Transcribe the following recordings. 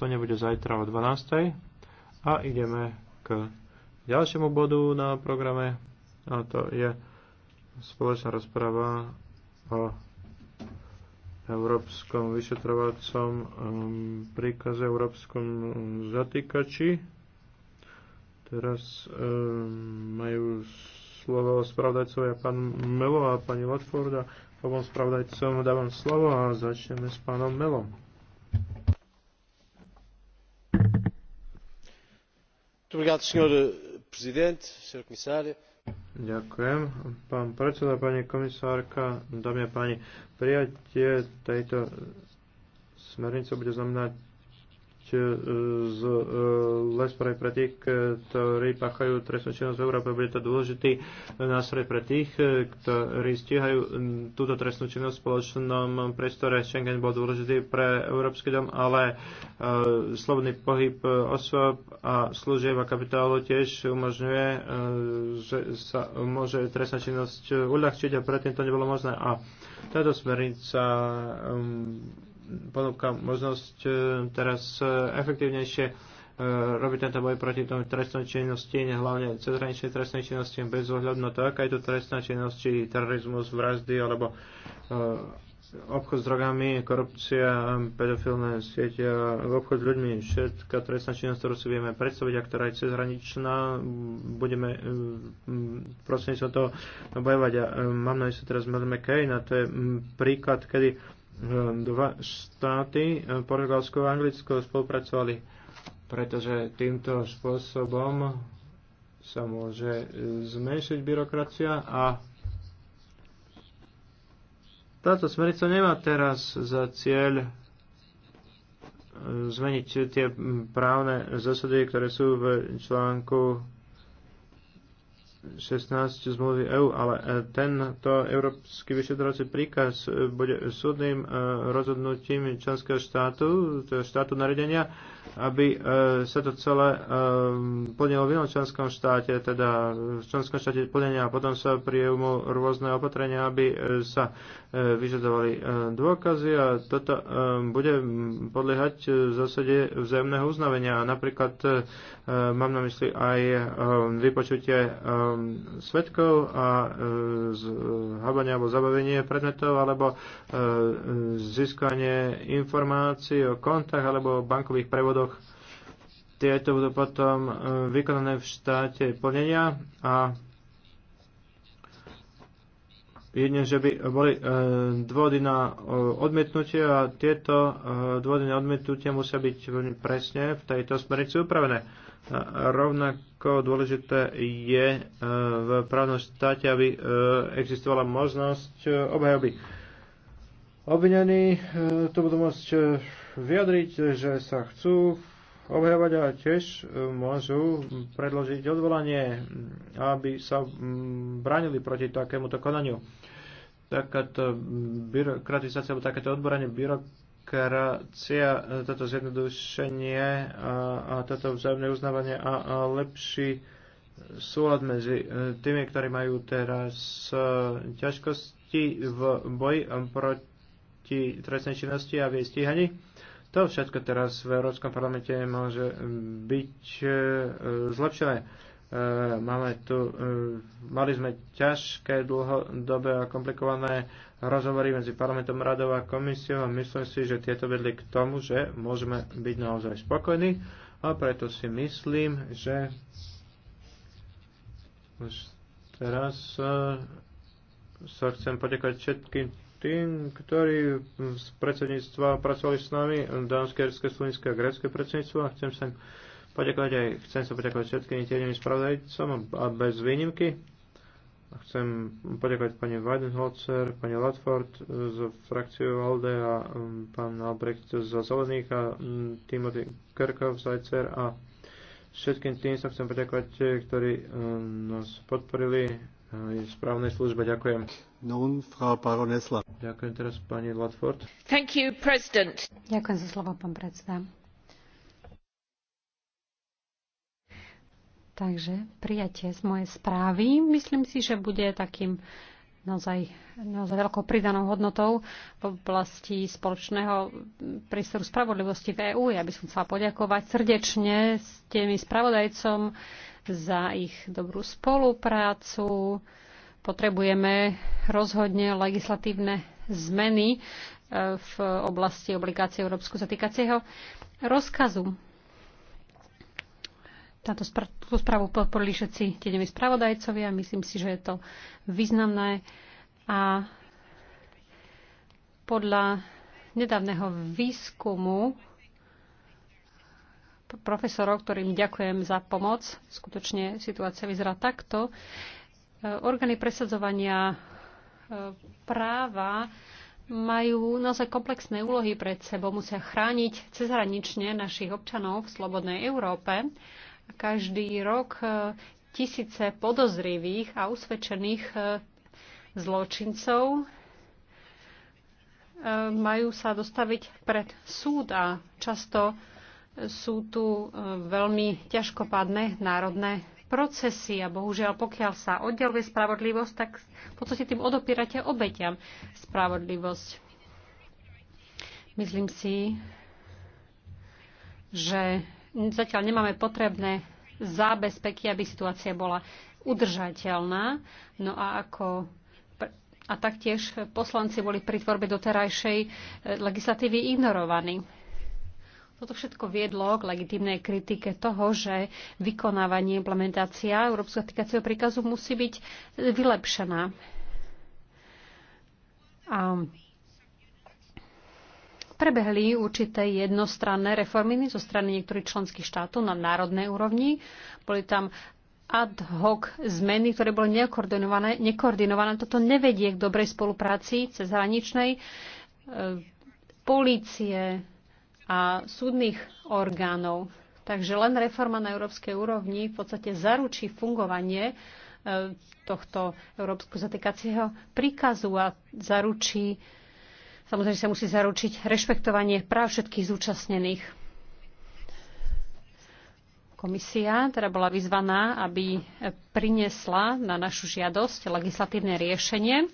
To nebude zajtra o 12.00. A ideme k ďalšiemu bodu na programe, a to je spoločná rozprava o Európskom vyšetrovacom um, príkaze Európskom zatýkači. Teraz um, majú slovo spravodajcovia pán Melo a pani Watford a obom spravodajcom dávam slovo a začneme s pánom Melom. Eh, Ďakujem. Pán predseda, pani komisárka, dámy a páni, prijatie tejto smernice bude znamenať E, z e, les pre, tých, ktorí páchajú trestnú činnosť v Európe. Bude to dôležitý nástroj pre tých, e, ktorí stíhajú túto trestnú činnosť v spoločnom priestore. Schengen bol dôležitý pre Európsky dom, ale slobodný pohyb osôb a služieb a kapitálu tiež umožňuje, že sa môže trestná činnosť uľahčiť a predtým to nebolo možné. A táto smernica ponúka možnosť e, teraz e, efektívnejšie e, robiť tento boj proti tomu trestnej činnosti, hlavne cezhraničnej trestnej činnosti, bez ohľadu na to, aká je to trestná činnosť, či terorizmus, vraždy alebo obchod s drogami, korupcia, pedofilné siete, obchod s ľuďmi, všetká trestná činnosť, ktorú si vieme predstaviť a ktorá je cezhraničná, budeme prostredníctvom toho bojovať. A mám na mysli teraz Mel McCain a to je príklad, kedy dva štáty, eh, Portugalsko a Anglicko, spolupracovali, pretože týmto spôsobom sa môže eh, zmenšiť byrokracia a táto smernica nemá teraz za cieľ eh, zmeniť tie hm, právne zásady, ktoré sú v článku 16 zmluvy EU, ale e, tento európsky vyšetrovací príkaz e, bude súdnym e, rozhodnutím členského štátu, štátu naredenia, aby sa to celé plnilo v inom členskom štáte, teda v členskom štáte plnenia a potom sa prijemú rôzne opatrenia, aby sa vyžadovali dôkazy a toto bude podliehať v zásade vzájomného uznavenia. Napríklad mám na mysli aj vypočutie Um, svetkov a e, zhabanie e, alebo zabavenie predmetov alebo e, získanie informácií o kontách alebo bankových prevodoch. Tieto budú potom vykonané v štáte plnenia a jedne, že by boli e, dôvody na e, odmietnutie a tieto e, dôvody na odmietnutie musia byť veľmi presne v tejto smernici upravené. Rovnako dôležité je e, v právnom štáte, aby e, existovala možnosť e, obhajoby. Obvinení to budú môcť vyjadriť, že sa chcú obhajovať a tiež môžu predložiť odvolanie, aby sa bránili proti takémuto konaniu takáto byrokratizácia alebo takéto odboranie byrok demokracia, toto zjednodušenie a, a toto vzájomné uznávanie a, a lepší súlad medzi e, tými, ktorí majú teraz e, ťažkosti v boji proti trestnej činnosti a v jej stíhaní. To všetko teraz v Európskom parlamente môže byť e, zlepšené. Máme tu, mali sme ťažké, dlhodobé a komplikované rozhovory medzi parlamentom radov a komisiou a myslím si, že tieto vedli k tomu, že môžeme byť naozaj spokojní a preto si myslím, že už teraz eh, sa chcem poďakovať všetkým tým, ktorí z predsedníctva pracovali s nami, dánske, erské, slovenské a grécké predsedníctvo a chcem sa poďakovať aj, chcem sa poďakovať všetkým tieňovým spravodajcom a bez výnimky Chcem poďakovať pani Weidenholzer, pani Latford eh, z frakciu ALDE a mm, pán Albrecht z Zelených a mm, Timothy Kerkov z ICR a všetkým tým sa chcem poďakovať, eh, ktorí eh, nás podporili správnej službe. Ďakujem. Nun, Frau Baronesla. Ďakujem teraz pani Latford. Thank you, President. Ďakujem za slovo, pán predseda. Takže prijatie z mojej správy myslím si, že bude takým naozaj, naozaj veľkou pridanou hodnotou v oblasti spoločného prístoru spravodlivosti v EÚ. Ja by som chcela poďakovať srdečne s tými spravodajcom za ich dobrú spoluprácu. Potrebujeme rozhodne legislatívne zmeny e, v oblasti obligácie Európsku zatýkacieho rozkazu. Táto spra- tú správu podporili všetci tie spravodajcovia. Myslím si, že je to významné. A podľa nedávneho výskumu profesorov, ktorým ďakujem za pomoc, skutočne situácia vyzerá takto, e, orgány presadzovania e, práva majú naozaj komplexné úlohy pred sebou, musia chrániť cezhranične našich občanov v slobodnej Európe každý rok e, tisíce podozrivých a usvedčených e, zločincov e, majú sa dostaviť pred súd a často sú tu veľmi ťažkopádne národné procesy a bohužiaľ, pokiaľ sa oddeluje spravodlivosť, tak v podstate tým odopírate obeťam spravodlivosť. Myslím si, že zatiaľ nemáme potrebné zábezpeky, aby situácia bola udržateľná. No a ako a taktiež poslanci boli pri tvorbe doterajšej e, legislatívy ignorovaní. Toto všetko viedlo k legitímnej kritike toho, že vykonávanie implementácia Európskeho týkacieho príkazu musí byť vylepšená. A prebehli určité jednostranné reformy zo strany niektorých členských štátov na národnej úrovni. Boli tam ad hoc zmeny, ktoré boli nekoordinované. nekoordinované. Toto nevedie k dobrej spolupráci cez hraničnej e, eh, polície a súdnych orgánov. Takže len reforma na európskej úrovni v podstate zaručí fungovanie eh, tohto Európsko zatýkacieho príkazu a zaručí Samozrejme, sa musí zaručiť rešpektovanie práv všetkých zúčastnených. Komisia teda bola vyzvaná, aby priniesla na našu žiadosť legislatívne riešenie.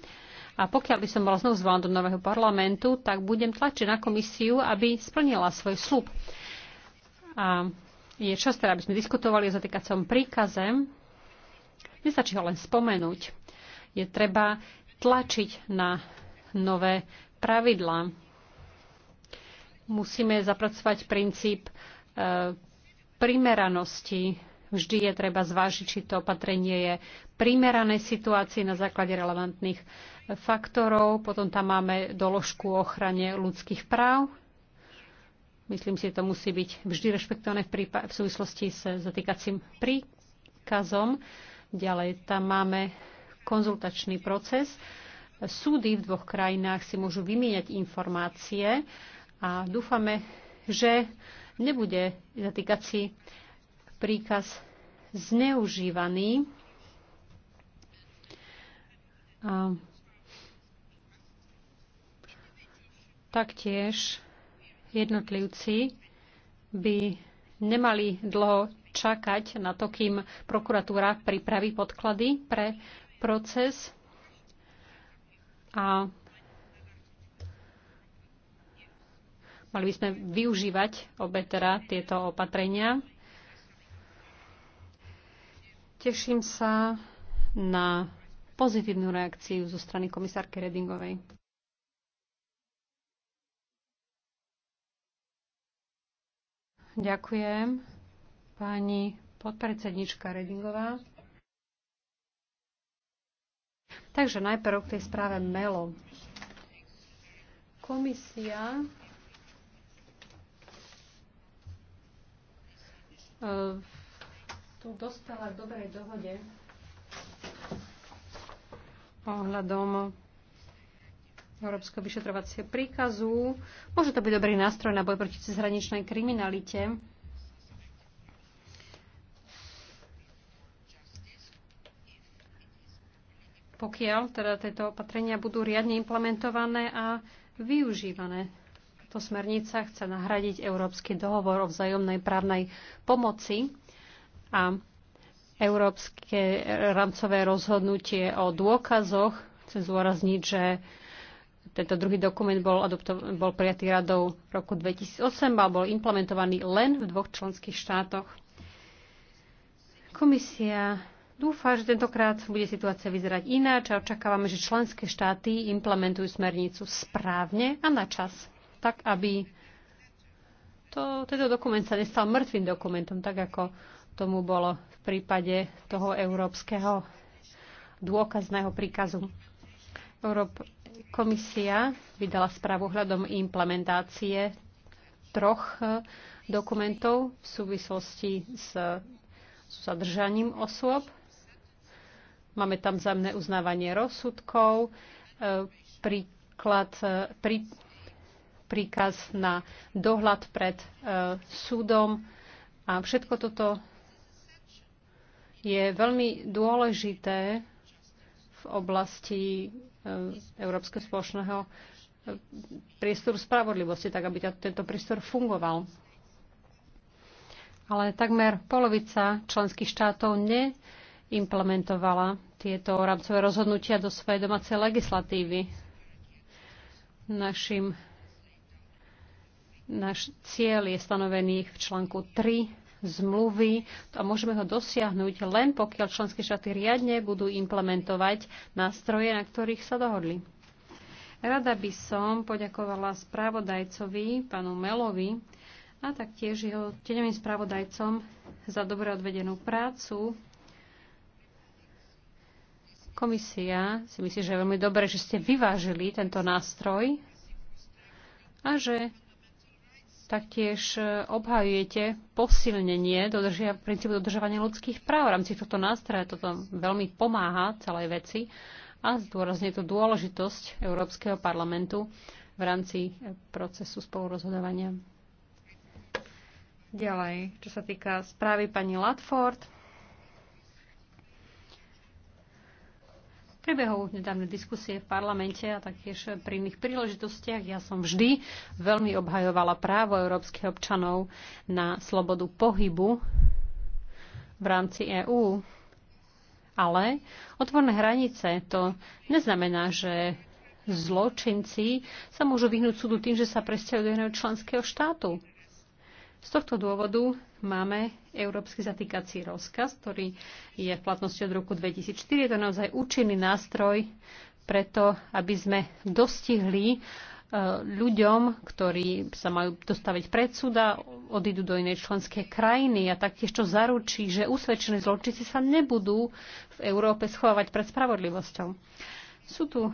A pokiaľ by som bola znovu zvolená do nového parlamentu, tak budem tlačiť na komisiu, aby splnila svoj slub. A je čas teda, aby sme diskutovali o zatýkacom príkaze. Nestačí ho len spomenúť. Je treba tlačiť na nové pravidlá. Musíme zapracovať princíp e, primeranosti. Vždy je treba zvážiť, či to opatrenie je primerané situácii na základe relevantných e, faktorov. Potom tam máme doložku o ochrane ľudských práv. Myslím si, že to musí byť vždy rešpektované v, prípa- v súvislosti s zatýkacím príkazom. Ďalej tam máme konzultačný proces súdy v dvoch krajinách si môžu vymieňať informácie a dúfame, že nebude zatýkací príkaz zneužívaný. A taktiež jednotlivci by nemali dlho čakať na to, kým prokuratúra pripraví podklady pre proces a mali by sme využívať obe teda tieto opatrenia. Teším sa na pozitívnu reakciu zo strany komisárky Redingovej. Ďakujem. Pani podpredsednička Redingová. Takže najprv k tej správe MELO. Komisia e, tu dostala v dobrej dohode ohľadom Európskeho vyšetrovacieho príkazu. Môže to byť dobrý nástroj na boj proti cezhraničnej kriminalite. pokiaľ teda tieto opatrenia budú riadne implementované a využívané. Táto smernica chce nahradiť Európsky dohovor o vzájomnej právnej pomoci a Európske rámcové rozhodnutie o dôkazoch. Chcem zúrazniť, že tento druhý dokument bol, adoptov- bol prijatý radou v roku 2008 a bol implementovaný len v dvoch členských štátoch. Komisia Dúfam, že tentokrát bude situácia vyzerať ináč a očakávame, že členské štáty implementujú smernicu správne a na čas, tak aby to, tento dokument sa nestal mŕtvým dokumentom, tak ako tomu bolo v prípade toho európskeho dôkazného príkazu. Európ- komisia vydala správu hľadom implementácie troch e, dokumentov v súvislosti s zadržaním osôb. Máme tam zájemné uznávanie rozsudkov, e, príklad, e, prí, príkaz na dohľad pred e, súdom a všetko toto je veľmi dôležité v oblasti Európskeho spoločného priestoru spravodlivosti, tak aby tento priestor fungoval. Ale takmer polovica členských štátov neimplementovala tieto rámcové rozhodnutia do svojej domácej legislatívy. Našim, náš cieľ je stanovený v článku 3 zmluvy a môžeme ho dosiahnuť len pokiaľ členské štáty riadne budú implementovať nástroje, na ktorých sa dohodli. Rada by som poďakovala správodajcovi, pánu Melovi, a taktiež jeho teňovým správodajcom za dobre odvedenú prácu Komisia si myslí, že je veľmi dobré, že ste vyvážili tento nástroj a že taktiež obhajujete posilnenie dodržia, princípu dodržovania ľudských práv v rámci tohto nástroja. Toto veľmi pomáha celej veci a zdôrazne tú dôležitosť Európskeho parlamentu v rámci procesu spolurozhodovania. Ďalej, čo sa týka správy pani Latford, priebehu nedávnej diskusie v parlamente a taktiež pri iných príležitostiach ja som vždy veľmi obhajovala právo európskych občanov na slobodu pohybu v rámci EÚ. Ale otvorné hranice to neznamená, že zločinci sa môžu vyhnúť súdu tým, že sa presťahujú do jedného členského štátu. Z tohto dôvodu máme Európsky zatýkací rozkaz, ktorý je v platnosti od roku 2004. Je to naozaj účinný nástroj preto, aby sme dostihli e, ľuďom, ktorí sa majú dostaviť pred súda, odídu do inej členskej krajiny a taktiež to zaručí, že usvedčení zločinci sa nebudú v Európe schovávať pred spravodlivosťou. Sú tu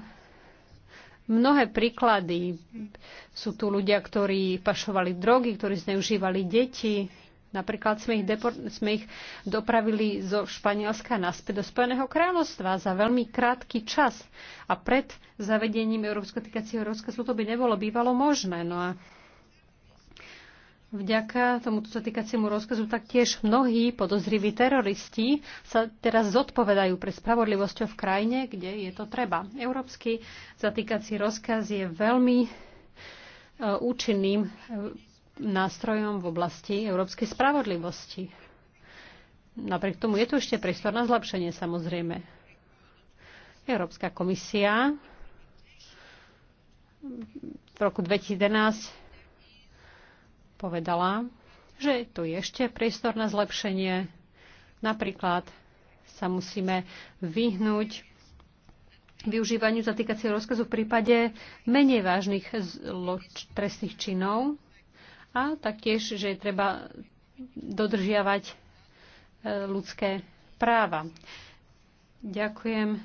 mnohé príklady. Sú tu ľudia, ktorí pašovali drogy, ktorí zneužívali deti. Napríklad sme ich, depor- sme ich dopravili zo Španielska naspäť do Spojeného kráľovstva za veľmi krátky čas. A pred zavedením Európskeho týkacieho rozkazu to by nebolo bývalo možné. No a Vďaka tomuto zatýkaciemu rozkazu taktiež mnohí podozriví teroristi sa teraz zodpovedajú pre spravodlivosťou v krajine, kde je to treba. Európsky zatýkací rozkaz je veľmi e, účinným e, nástrojom v oblasti európskej spravodlivosti. Napriek tomu je tu ešte priestor na zlepšenie samozrejme. Európska komisia v roku 2011 povedala, že tu je ešte priestor na zlepšenie. Napríklad sa musíme vyhnúť využívaniu zatýkacieho rozkazu v prípade menej vážnych trestných činov a taktiež, že je treba dodržiavať e, ľudské práva. Ďakujem e,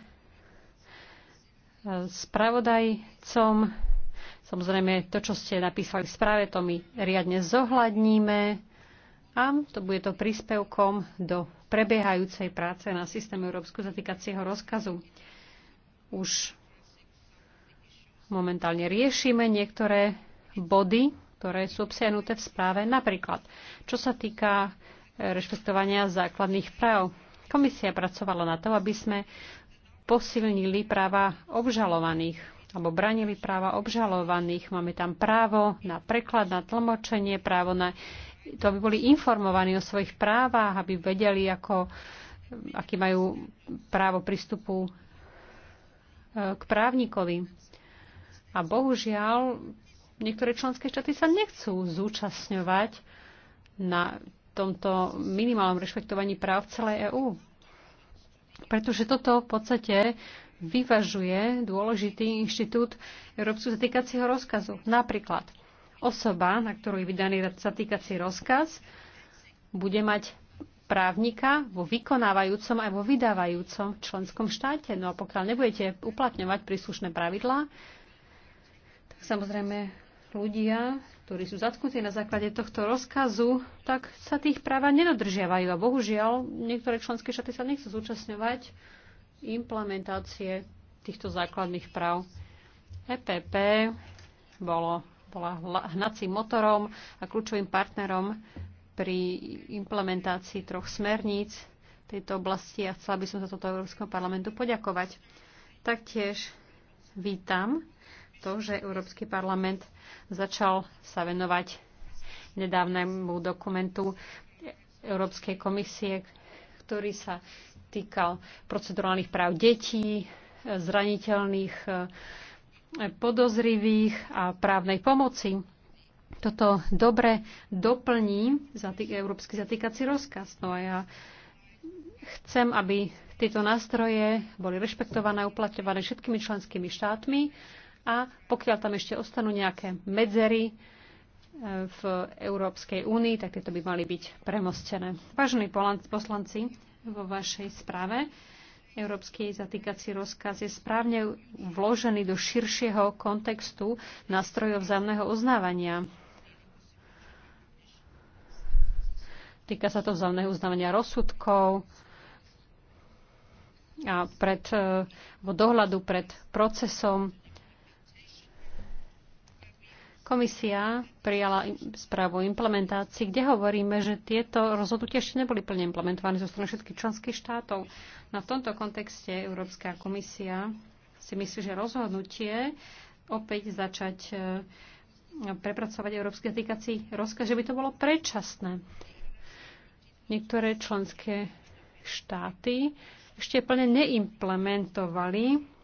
spravodajcom Samozrejme, to, čo ste napísali v správe, to my riadne zohľadníme a to bude to príspevkom do prebiehajúcej práce na systému Európsku zatýkacieho rozkazu. Už momentálne riešime niektoré body, ktoré sú obsiahnuté v správe, napríklad čo sa týka e, rešpektovania základných práv. Komisia pracovala na to, aby sme posilnili práva obžalovaných alebo branili práva obžalovaných. Máme tam právo na preklad, na tlmočenie, právo na to, aby boli informovaní o svojich právach, aby vedeli, ako, aký majú právo prístupu e, k právnikovi. A bohužiaľ, niektoré členské štáty sa nechcú zúčastňovať na tomto minimálnom rešpektovaní práv v celej EÚ. Pretože toto v podstate vyvažuje dôležitý inštitút Európsku zatýkacieho rozkazu. Napríklad osoba, na ktorú je vydaný zatýkací rozkaz, bude mať právnika vo vykonávajúcom aj vo vydávajúcom členskom štáte. No a pokiaľ nebudete uplatňovať príslušné pravidlá, tak samozrejme ľudia, ktorí sú zatknutí na základe tohto rozkazu, tak sa tých práva nedodržiavajú. A bohužiaľ, niektoré členské štáty sa nechcú zúčastňovať implementácie týchto základných práv. EPP bolo, bola hnacím motorom a kľúčovým partnerom pri implementácii troch smerníc tejto oblasti a chcela by som za toto Európskeho parlamentu poďakovať. Taktiež vítam to, že Európsky parlament začal sa venovať nedávnemu dokumentu Európskej komisie, ktorý sa týkal procedurálnych práv detí, zraniteľných podozrivých a právnej pomoci. Toto dobre doplní európsky zatýkací rozkaz. No a ja chcem, aby tieto nástroje boli rešpektované, uplatňované všetkými členskými štátmi a pokiaľ tam ešte ostanú nejaké medzery e, v Európskej únii, tak tieto by mali byť premostené. Vážení poslanci, vo vašej správe. Európsky zatýkací rozkaz je správne vložený do širšieho kontextu nástrojov vzájomného uznávania. Týka sa to vzájomného uznávania rozsudkov a pred, eh, dohľadu pred procesom Komisia prijala správu o implementácii, kde hovoríme, že tieto rozhodnutia ešte neboli plne implementované zo strany všetkých členských štátov. No v tomto kontexte Európska komisia si myslí, že rozhodnutie opäť začať e, prepracovať európsky týkací rozkaz, že by to bolo predčasné. Niektoré členské štáty ešte plne neimplementovali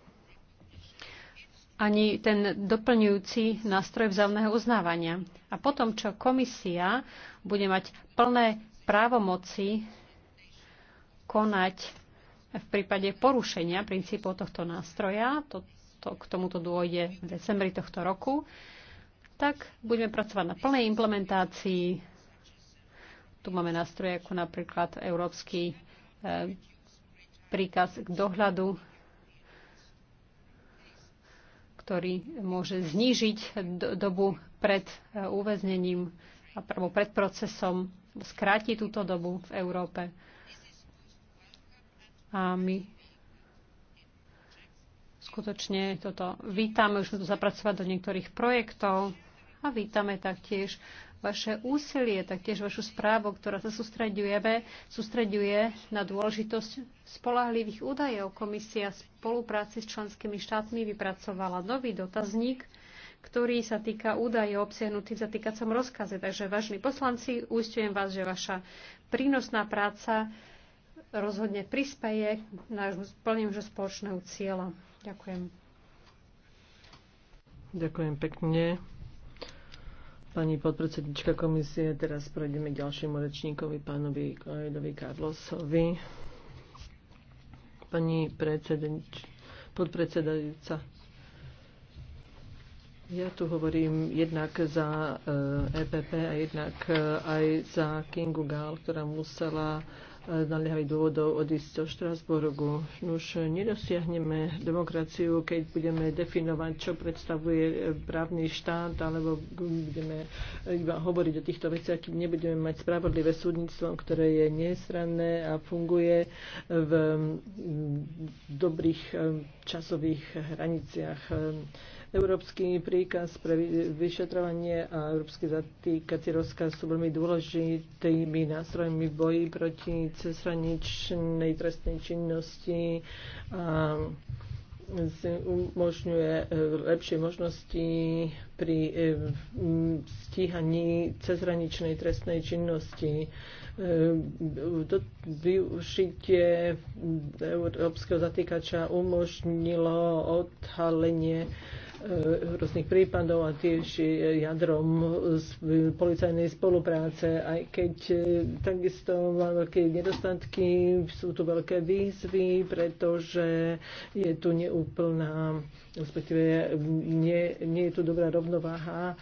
ani ten doplňujúci nástroj vzájomného uznávania. A potom, čo komisia bude mať plné právomoci konať v prípade porušenia princípov tohto nástroja, to, to, k tomuto dôjde v decembri tohto roku, tak budeme pracovať na plnej implementácii. Tu máme nástroje ako napríklad Európsky eh, príkaz k dohľadu ktorý môže znížiť dobu pred eh, uväznením a pred procesom, skráti túto dobu v Európe. A my skutočne toto vítame, už sme to zapracovať do niektorých projektov a vítame taktiež vaše úsilie, taktiež vašu správu, ktorá sa sústreďuje sústreďuje na dôležitosť spolahlivých údajov. Komisia v spolupráci s členskými štátmi vypracovala nový dotazník, ktorý sa týka údajov obsiahnutých v zatýkacom rozkaze. Takže, vážni poslanci, uistujem vás, že vaša prínosná práca rozhodne prispeje k nášmu plneniu spoločného cieľa. Ďakujem. Ďakujem pekne. Pani podpredsednička komisie, teraz prejdeme ďalšiemu rečníkovi, pánovi Kojedovi Karlosovi. Pani predsednič, podpredsedajúca, ja tu hovorím jednak za EPP eh, e a jednak eh, aj za Kingu Gál, ktorá musela naliehavých dôvodov odísť do Štrasburgu. Už nedosiahneme demokraciu, keď budeme definovať, čo predstavuje právny štát, alebo budeme iba hovoriť o týchto veciach, kým nebudeme mať spravodlivé súdnictvo, ktoré je nesranné a funguje v dobrých eh, časových hraniciach Európsky príkaz pre vyšetrovanie a európsky zatýkací rozkaz sú veľmi dôležitými nástrojmi v boji proti cezhraničnej trestnej činnosti a umožňuje e, lepšie možnosti pri e, stíhaní cezhraničnej trestnej činnosti e, využitie európskeho zatýkača umožnilo odhalenie E, rôznych prípadov a tiež jadrom e, policajnej spolupráce, aj keď e, takisto má veľké nedostatky, sú tu veľké výzvy, pretože je tu neúplná, respektíve nie, nie je tu dobrá rovnováha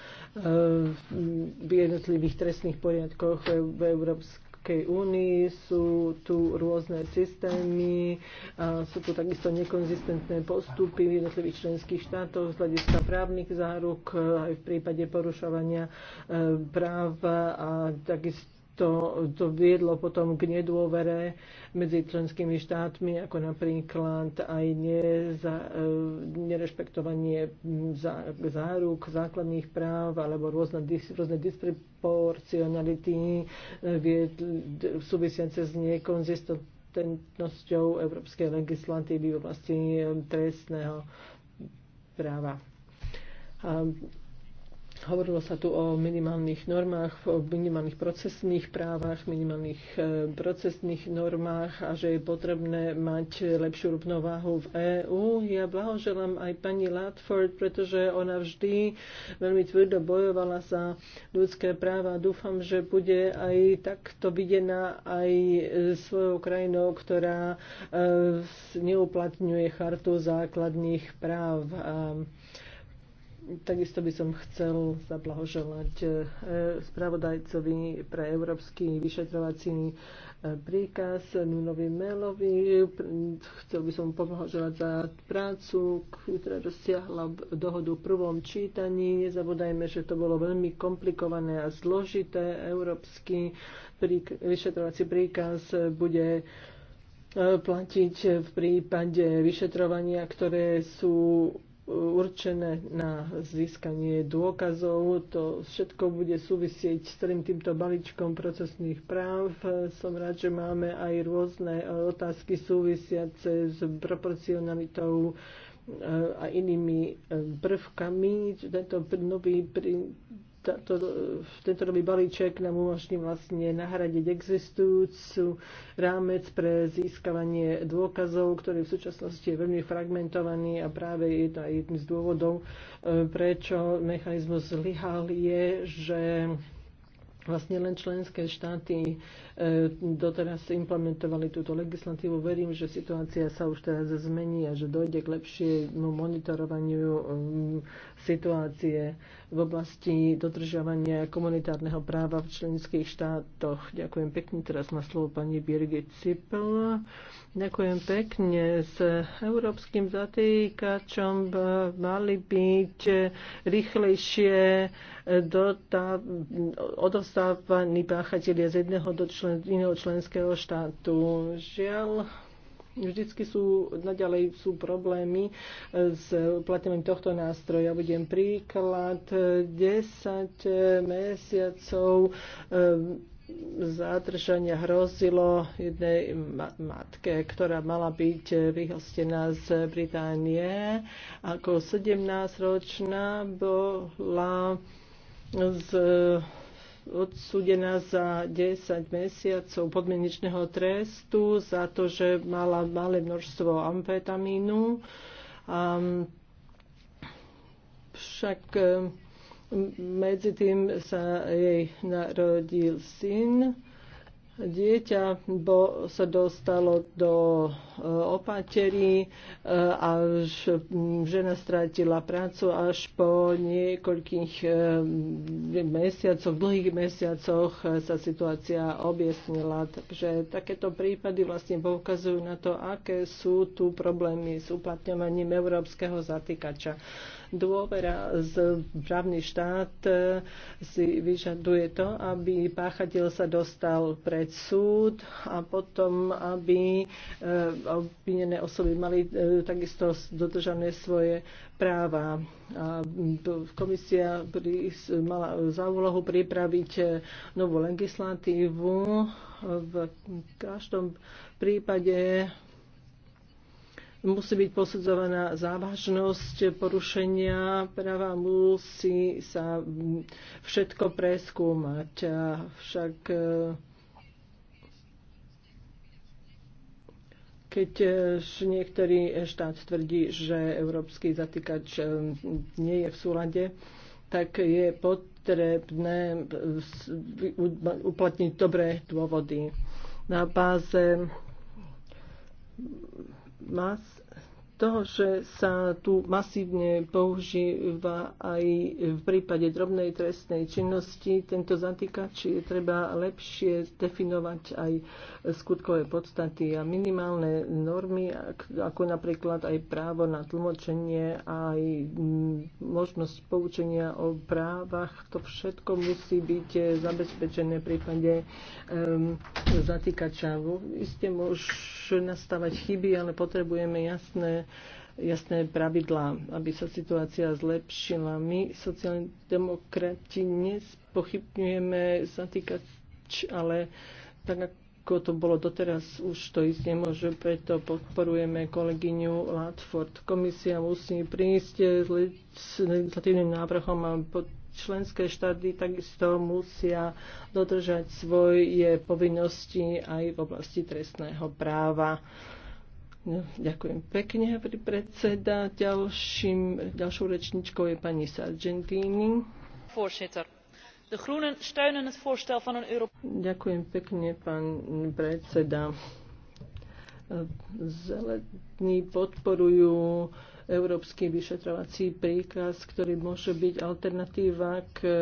v jednotlivých trestných poriadkoch v Európskej Európskej únii sú tu rôzne systémy, sú tu takisto nekonzistentné postupy v jednotlivých členských štátoch z hľadiska právnych záruk aj v prípade porušovania e, práva a takisto to, to viedlo potom k nedôvere medzi členskými štátmi, ako napríklad aj neza, e, nerešpektovanie za, záruk základných práv alebo rôzne, rôzne disproporcionality e, súvisiace s nekonzistentnosťou európskej legislatívy v oblasti e, trestného práva. Hovorilo sa tu o minimálnych normách, o minimálnych procesných právach, minimálnych e, procesných normách a že je potrebné mať lepšiu rovnováhu v EÚ. Ja blahoželám aj pani Latford, pretože ona vždy veľmi tvrdo bojovala za ľudské práva. Dúfam, že bude aj takto videná aj e, svojou krajinou, ktorá e, neuplatňuje chartu základných práv. Takisto by som chcel zablahoželať e, spravodajcovi pre Európsky vyšetrovací e, príkaz Nunovi Melovi. Chcel by som poblahoželať za prácu, ktorá dosiahla dohodu v prvom čítaní. Nezabúdajme, že to bolo veľmi komplikované a zložité. Európsky vyšetrovací príkaz bude e, platiť v prípade vyšetrovania, ktoré sú určené na získanie dôkazov. To všetko bude súvisieť s celým týmto balíčkom procesných práv. Som rád, že máme aj rôzne otázky súvisiace s proporcionalitou e, a inými e, prvkami. Tento nový v tento nový balíček nám umožní vlastne nahradiť existujúcu rámec pre získavanie dôkazov, ktorý v súčasnosti je veľmi fragmentovaný a práve je to aj jedným z dôvodov, e, prečo mechanizmus zlyhal, je, že Vlastne len členské štáty e, doteraz implementovali túto legislatívu. Verím, že situácia sa už teraz zmení a že dojde k lepšiemu monitorovaniu e, situácie v oblasti dodržiavania komunitárneho práva v členských štátoch. Ďakujem pekne. Teraz má slovo pani Birgit Cipel. Ďakujem pekne. S európskym zatýkačom mali byť rýchlejšie odostávaní páchatelia z jedného do člen, iného členského štátu. Žiaľ, vždycky sú, naďalej sú problémy s uplatňovaním tohto nástroja. Budem príklad 10 mesiacov ehm, zadržania hrozilo jednej matke, ktorá mala byť vyhostená z Británie. Ako 17-ročná bola z, odsúdená za 10 mesiacov podmienečného trestu za to, že mala malé množstvo amfetamínu. A, však medzi tým sa jej narodil syn dieťa bo sa dostalo do eh, opatery eh, a mm, žena strátila prácu až po niekoľkých eh, mesiacoch, dlhých mesiacoch sa situácia objasnila. Takže takéto prípady vlastne poukazujú na to, aké sú tu problémy s uplatňovaním európskeho zatýkača. Dôvera z právny štát e, si vyžaduje to, aby páchateľ sa dostal pred súd a potom, aby e, obvinené osoby mali e, takisto dodržané svoje práva. A komisia mala za úlohu pripraviť novú legislatívu. V každom prípade musí byť posudzovaná závažnosť porušenia práva, musí sa všetko preskúmať. A však e, keď e, niektorý štát tvrdí, že európsky zatýkač e, nie je v súlade, tak je potrebné uplatniť dobré dôvody. Na báze vás toho, že sa tu masívne používa aj v prípade drobnej trestnej činnosti, tento zatýkač je treba lepšie definovať aj skutkové podstaty a minimálne normy, ako napríklad aj právo na tlmočenie aj možnosť poučenia o právach. To všetko musí byť zabezpečené v prípade um, zatýkača. Isté môžu nastávať chyby, ale potrebujeme jasné jasné pravidlá, aby sa situácia zlepšila. My, sociálni demokrati, nespochybňujeme zatýkač, ale tak ako to bolo doteraz, už to ísť nemôže, preto podporujeme kolegyňu Latford. Komisia musí prísť s legislatívnym návrhom a pod členské štáty takisto musia dodržať svoje povinnosti aj v oblasti trestného práva. No, ďakujem pekne, pri predseda. Ďalším, ďalšou rečničkou je pani Sargentini. Voorzitter, de Groenen steunen het voorstel van een Ďakujem pekne, pán predseda. Zelení podporujú európsky vyšetrovací príkaz, ktorý môže byť alternatíva k e,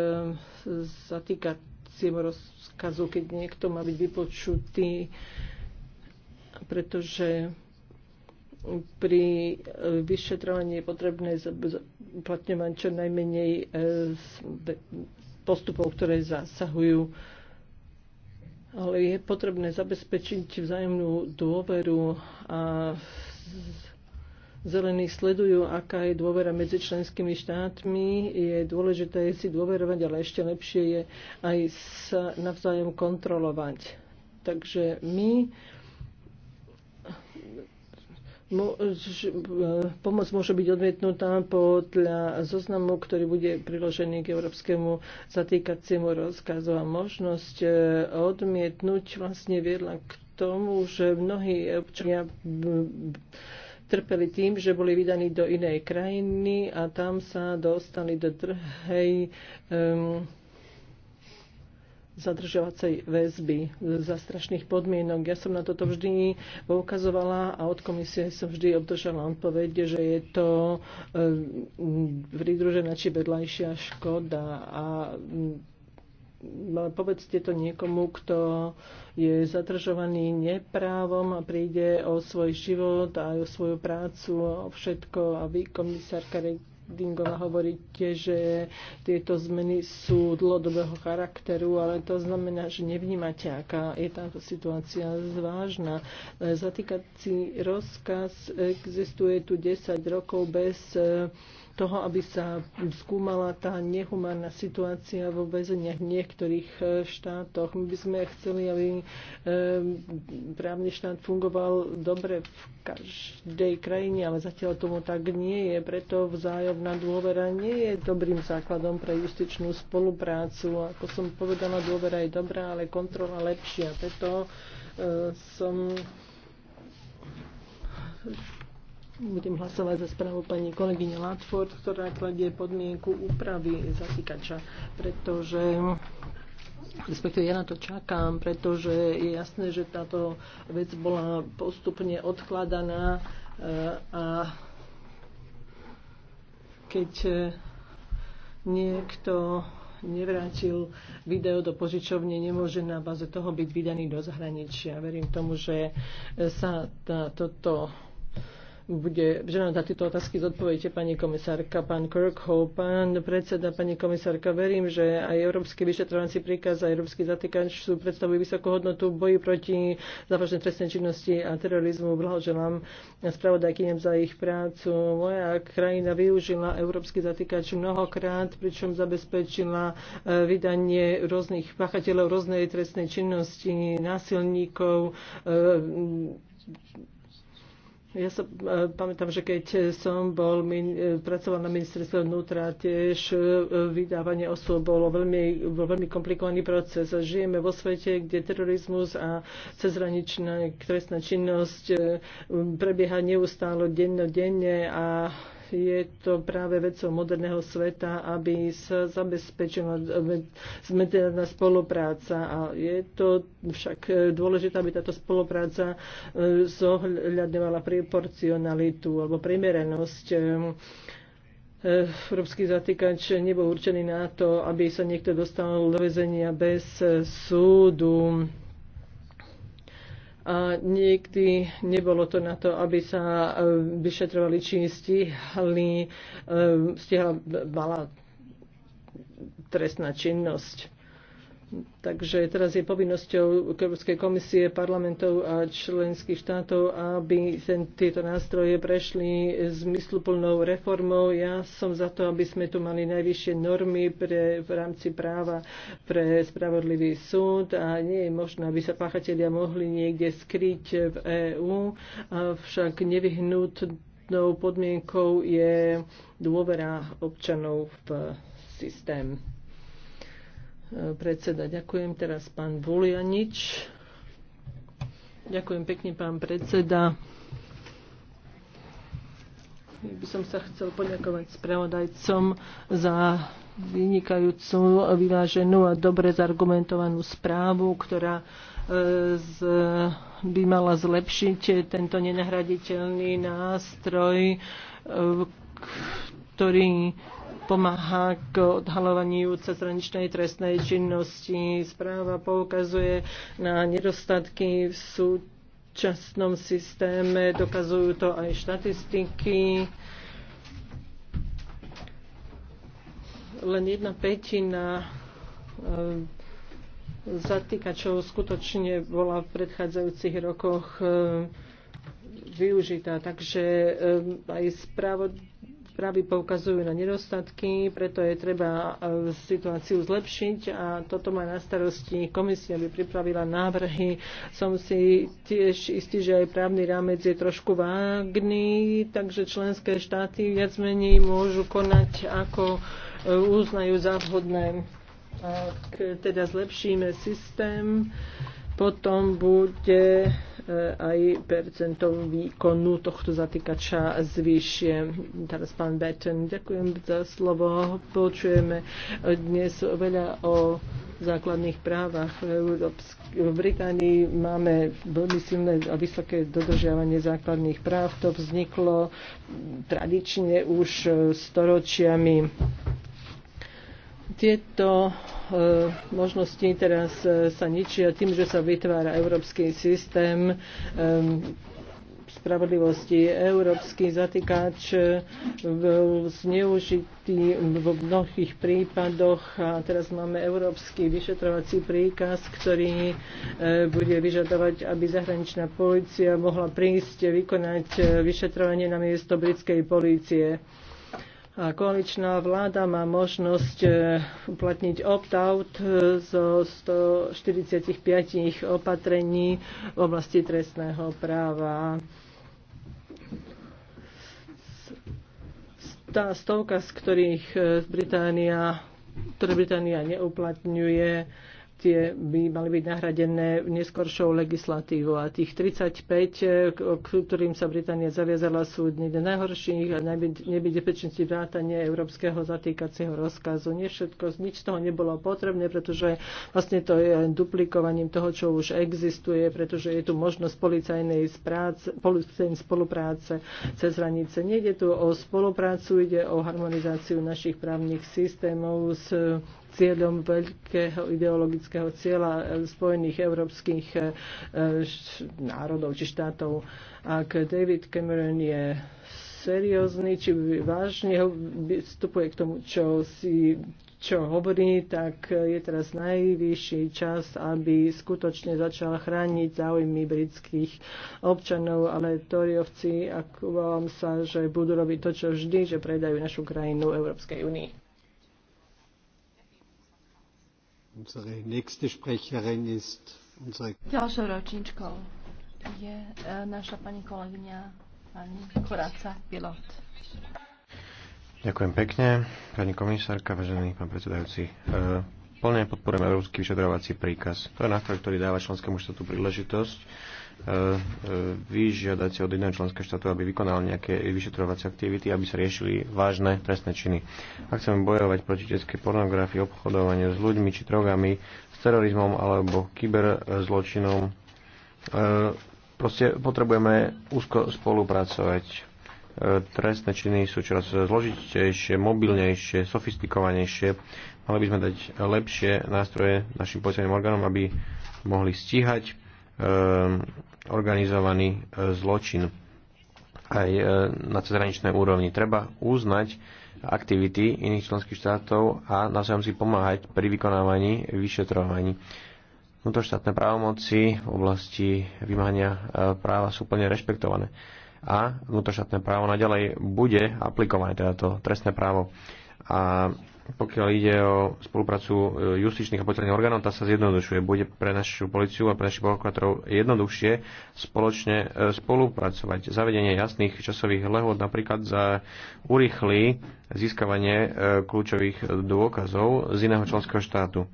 zatýkaciemu rozkazu, keď niekto má byť vypočutý, pretože pri eh, vyšetrovaní je potrebné uplatňovať čo najmenej eh, postupov, ktoré zasahujú ale je potrebné zabezpečiť vzájomnú dôveru a zelení sledujú, aká je dôvera medzi členskými štátmi. Je dôležité si dôverovať, ale ešte lepšie je aj sa navzájom kontrolovať. Takže my môž, e, pomoc môže byť odmietnutá podľa zoznamu, ktorý bude priložený k európskemu zatýkaciemu rozkazu a možnosť e, odmietnúť vlastne viedla k tomu, že mnohí občania trpeli tým, že boli vydaní do inej krajiny a tam sa dostali do drhej um, zadržovacej väzby za strašných podmienok. Ja som na toto vždy poukazovala a od komisie som vždy obdržala odpoveď, že je to eh, pridružená či vedľajšia škoda a mm, povedzte to niekomu, kto je zadržovaný neprávom a príde o svoj život a o svoju prácu, o všetko a vy, komisárka Redingová hovoríte, že tieto zmeny sú dlhodobého charakteru, ale to znamená, že nevnímate, aká je táto situácia zvážna. Zatýkací rozkaz existuje tu 10 rokov bez toho, aby sa skúmala tá nehumánna situácia vo väzeniach v niektorých e, štátoch. My by sme chceli, aby e, právny štát fungoval dobre v každej krajine, ale zatiaľ tomu tak nie je. Preto vzájomná dôvera nie je dobrým základom pre justičnú spoluprácu. Ako som povedala, dôvera je dobrá, ale kontrola lepšia. Preto e, som budem hlasovať za správu pani kolegyne Latford, ktorá kladie podmienku úpravy zatýkača, pretože respektíve ja na to čakám, pretože je jasné, že táto vec bola postupne odkladaná e, a keď e, niekto nevrátil video do požičovne, nemôže na baze toho byť vydaný do zahraničia. Verím tomu, že sa tá, toto bude, že nám na tieto otázky zodpoviete pani komisárka, pán Kirkhope, pán predseda, pani komisárka. Verím, že aj európsky vyšetrovací príkaz a európsky zatýkač sú predstavujú vysokú hodnotu v boji proti závažnej trestnej činnosti a terorizmu. Blahoželám spravodajkyniam za ich prácu. Moja krajina využila európsky zatýkač mnohokrát, pričom zabezpečila e, vydanie rôznych pachateľov rôznej trestnej činnosti, násilníkov, e, ja sa e, pamätám, že keď som bol, min, e, pracoval na ministerstve vnútra, tiež e, vydávanie osôb bolo veľmi, bol veľmi komplikovaný proces. Žijeme vo svete, kde terorizmus a cezhraničná trestná činnosť prebieha neustále, dennodenne a je to práve vecou moderného sveta, aby sa zabezpečila zmetená spolupráca. A je to však dôležité, aby táto spolupráca e, zohľadňovala proporcionalitu alebo primerenosť e, Európsky zatýkač nebol určený na to, aby sa niekto dostal do väzenia bez súdu a nikdy nebolo to na to, aby sa e, vyšetrovali, či stihali, e, stihla, malá trestná činnosť. Takže teraz je povinnosťou Európskej komisie, parlamentov a členských štátov, aby ten, tieto nástroje prešli zmysluplnou reformou. Ja som za to, aby sme tu mali najvyššie normy pre, v rámci práva pre spravodlivý súd a nie je možné, aby sa páchatelia mohli niekde skryť v EÚ, avšak nevyhnutnou podmienkou je dôvera občanov v systém predseda. Ďakujem teraz pán Bulianič. Ďakujem pekne, pán predseda. Ja by som sa chcel poďakovať spravodajcom za vynikajúcu, vyváženú a dobre zargumentovanú správu, ktorá e, z, by mala zlepšiť tento nenahraditeľný nástroj, e, ktorý pomáha k odhalovaniu cezhraničnej trestnej činnosti. Správa poukazuje na nedostatky v súčasnom systéme, dokazujú to aj štatistiky. Len jedna petina ehm, zatýkačov skutočne bola v predchádzajúcich rokoch ehm, využitá. Takže ehm, aj správod správy poukazujú na nedostatky, preto je treba e, situáciu zlepšiť a toto má na starosti komisia, aby pripravila návrhy. Som si tiež istý, že aj právny rámec je trošku vágný, takže členské štáty viac menej môžu konať, ako e, uznajú za vhodné. Ak teda zlepšíme systém, potom bude e, aj percento výkonu tohto zatýkača zvýšie. Teraz pán Betten, ďakujem za slovo. Počujeme dnes veľa o základných právach v Európskej v Británii máme veľmi silné a vysoké dodržiavanie základných práv. To vzniklo tradične už storočiami tieto eh, možnosti teraz eh, sa ničia tým, že sa vytvára európsky systém eh, spravodlivosti. Európsky zatýkač bol zneužitý v mnohých prípadoch a teraz máme Európsky vyšetrovací príkaz, ktorý bude vyžadovať, aby zahraničná polícia mohla prísť vykonať vyšetrovanie na miesto britskej polície a koaličná vláda má možnosť e, uplatniť opt-out e, zo 145 opatrení v oblasti trestného práva. Tá stovka, z ktorých e, Británia, ktoré Británia neuplatňuje, tie by mali byť nahradené neskoršou legislatívou. A tých 35, eh, k ktorým sa Británia zaviazala, sú dne najhorších a nebezpečnosti vrátanie európskeho zatýkacieho rozkazu. Nie všetko, nič z toho nebolo potrebné, pretože vlastne to je len duplikovaním toho, čo už existuje, pretože je tu možnosť policajnej spráce, spolupráce cez hranice. Nejde tu o spoluprácu, ide o harmonizáciu našich právnych systémov s cieľom veľkého ideologického cieľa eh, spojených európskych eh, eh, národov či štátov. Ak David Cameron je seriózny, či vážne vstupuje k tomu, čo si čo hovorí, tak je teraz najvyšší čas, aby skutočne začal chrániť záujmy britských občanov, ale Toriovci, ak sa, že budú robiť to, čo vždy, že predajú našu krajinu Európskej únii. Unsere nächste Sprecherin ist unsere... Ďalšou ročníčkou je e, naša pani kolegyňa, pani Koráca Pilot. Ďakujem pekne, pani komisárka, vážený pán predsedajúci. E, plne podporujem Európsky vyšetrovací príkaz. To je nástroj, ktorý dáva členskému štátu príležitosť E, e, vyžiadať od jedného členského štátu, aby vykonal nejaké vyšetrovacie aktivity, aby sa riešili vážne trestné činy. Ak chceme bojovať proti detskej pornografii, obchodovaniu s ľuďmi či drogami, s terorizmom alebo kyberzločinom, e, proste potrebujeme úzko spolupracovať. Trestné činy sú čoraz zložitejšie, mobilnejšie, sofistikovanejšie. Mali by sme dať lepšie nástroje našim policajným orgánom, aby mohli stíhať organizovaný e, zločin aj e, na cezhraničnej úrovni. Treba uznať aktivity iných členských štátov a navzájom si pomáhať pri vykonávaní vyšetrovaní. Vnútroštátne právomoci v oblasti vymáhania e, práva sú plne rešpektované a vnútroštátne právo naďalej bude aplikované, teda to trestné právo. A pokiaľ ide o spoluprácu e, justičných a policajných orgánov, tá sa zjednodušuje. Bude pre našu policiu a pre našich prokurátorov jednoduchšie spoločne e, spolupracovať. Zavedenie jasných časových lehôd napríklad za urýchli získavanie e, kľúčových dôkazov z iného členského štátu.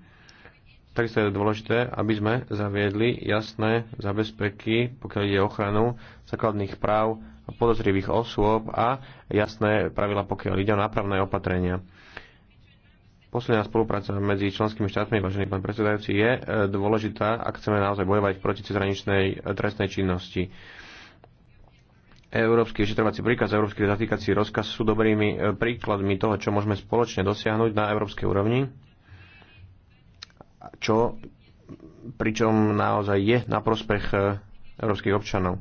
Takisto je dôležité, aby sme zaviedli jasné zabezpeky, pokiaľ ide o ochranu základných práv podozrivých osôb a jasné pravidla, pokiaľ ide o nápravné opatrenia Posledná spolupráca medzi členskými štátmi, vážený pán predsedajúci, je e, dôležitá, ak chceme naozaj bojovať proti cezhraničnej e, trestnej činnosti. Európsky vyšetrovací príkaz Európsky zatýkací rozkaz sú dobrými e, príkladmi toho, čo môžeme spoločne dosiahnuť na európskej úrovni, čo pričom naozaj je na prospech európskych občanov.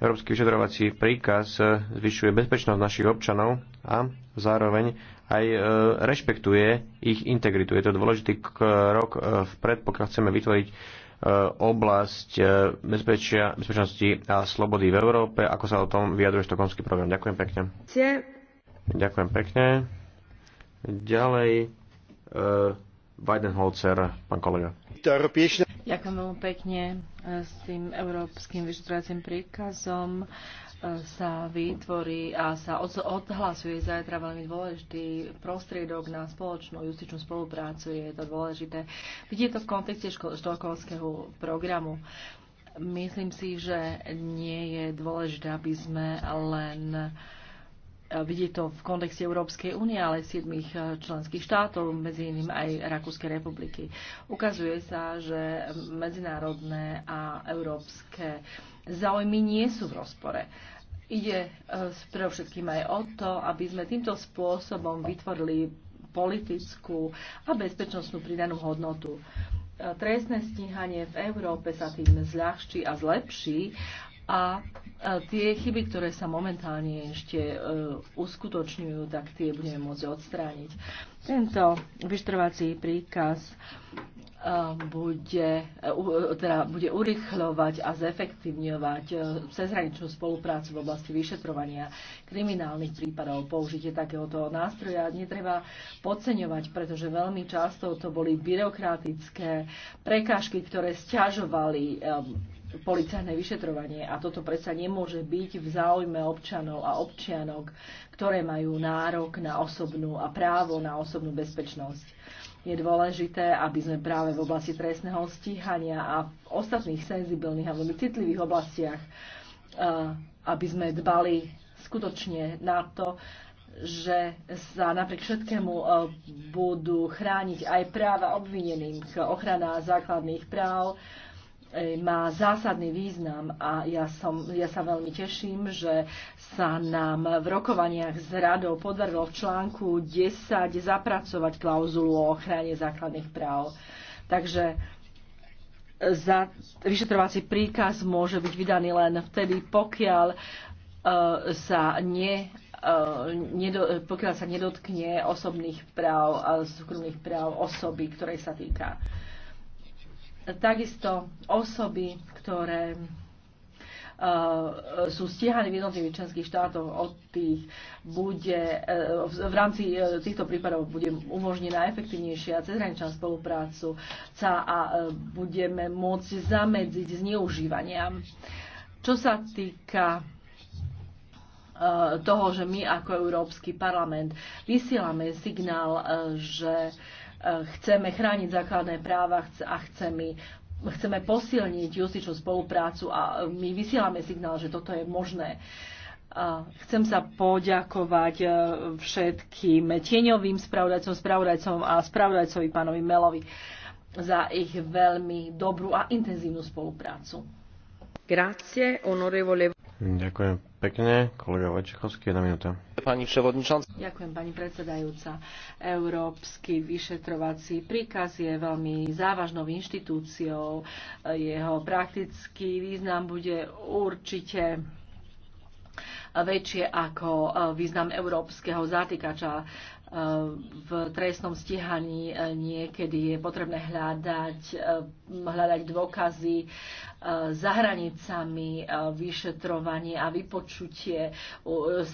Európsky vyšetrovací príkaz e, zvyšuje bezpečnosť našich občanov a zároveň aj e, rešpektuje ich integritu. Je to dôležitý krok e, vpred, pokiaľ chceme vytvoriť oblasť bezpečia, bezpečnosti a slobody v Európe, ako sa o tom vyjadruje štokholmský program. Ďakujem pekne. Ďakujem pekne. Ďalej, uh, Weidenholzer, pán kolega. Ďakujem veľmi pekne. E, s tým európskym vyšetrovacím príkazom e, sa vytvorí a sa odhlasuje zajtra veľmi dôležitý prostriedok na spoločnú justičnú spoluprácu. Je to dôležité. Vidíte to v kontexte školského programu. Myslím si, že nie je dôležité, aby sme len uh, vidieť to v kontexte Európskej únie, ale siedmých eh, členských štátov, medzi iným aj Rakúskej republiky. Ukazuje sa, že medzinárodné a európske záujmy nie sú v rozpore. Ide eh, pre všetkým aj o to, aby sme týmto spôsobom vytvorili politickú a bezpečnostnú pridanú hodnotu eh, trestné stíhanie v Európe sa tým zľahčí a zlepší a e, tie chyby, ktoré sa momentálne ešte e, uskutočňujú, tak tie budeme môcť odstrániť. Tento vyštrovací príkaz e, bude, teda bude urychľovať a zefektívňovať cezhraničnú spoluprácu v oblasti vyšetrovania kriminálnych prípadov. Použitie takéhoto nástroja netreba podceňovať, pretože veľmi často to boli byrokratické prekážky, ktoré stiažovali policajné vyšetrovanie. A toto predsa nemôže byť v záujme občanov a občianok, ktoré majú nárok na osobnú a právo na osobnú bezpečnosť. Je dôležité, aby sme práve v oblasti trestného stíhania a v ostatných senzibilných a veľmi citlivých oblastiach, aby sme dbali skutočne na to, že sa napriek všetkému budú chrániť aj práva obvinených, ochrana základných práv, E, má zásadný význam a ja, som, ja sa veľmi teším, že sa nám v rokovaniach s radou podarilo v článku 10 zapracovať klauzulu o ochrane základných práv. Takže e, za vyšetrovací príkaz môže byť vydaný len vtedy, pokiaľ uh, sa ne nedo, pokiaľ sa nedotkne osobných práv a súkromných práv osoby, ktorej sa týka. Takisto osoby, ktoré eh, sú stíhaní v jednotlivých členských štátoch od tých bude, eh, v rámci eh, týchto prípadov bude umožnená efektívnejšia cezhraničná spoluprácu a budeme môcť zamedziť zneužívaniam. Čo sa týka toho, že my ako Európsky parlament vysielame signál, že chceme chrániť základné práva a chceme chceme posilniť justičnú spoluprácu a my vysielame signál, že toto je možné. Chcem sa poďakovať e, všetkým tieňovým spravodajcom, spravodajcom a spravodajcovi pánovi Melovi za ich veľmi dobrú a intenzívnu spoluprácu. Grazie, onorevole. Ďakujem pekne. Kolega Vojčechovský, jedna minúta. Pani Ďakujem, pani predsedajúca. Európsky vyšetrovací príkaz je veľmi závažnou inštitúciou. Jeho praktický význam bude určite väčšie ako e, význam európskeho zatýkača e, v trestnom stíhaní e, niekedy je potrebné hľadať, hľadať dôkazy Eh, za hranicami eh, vyšetrovanie a vypočutie eh,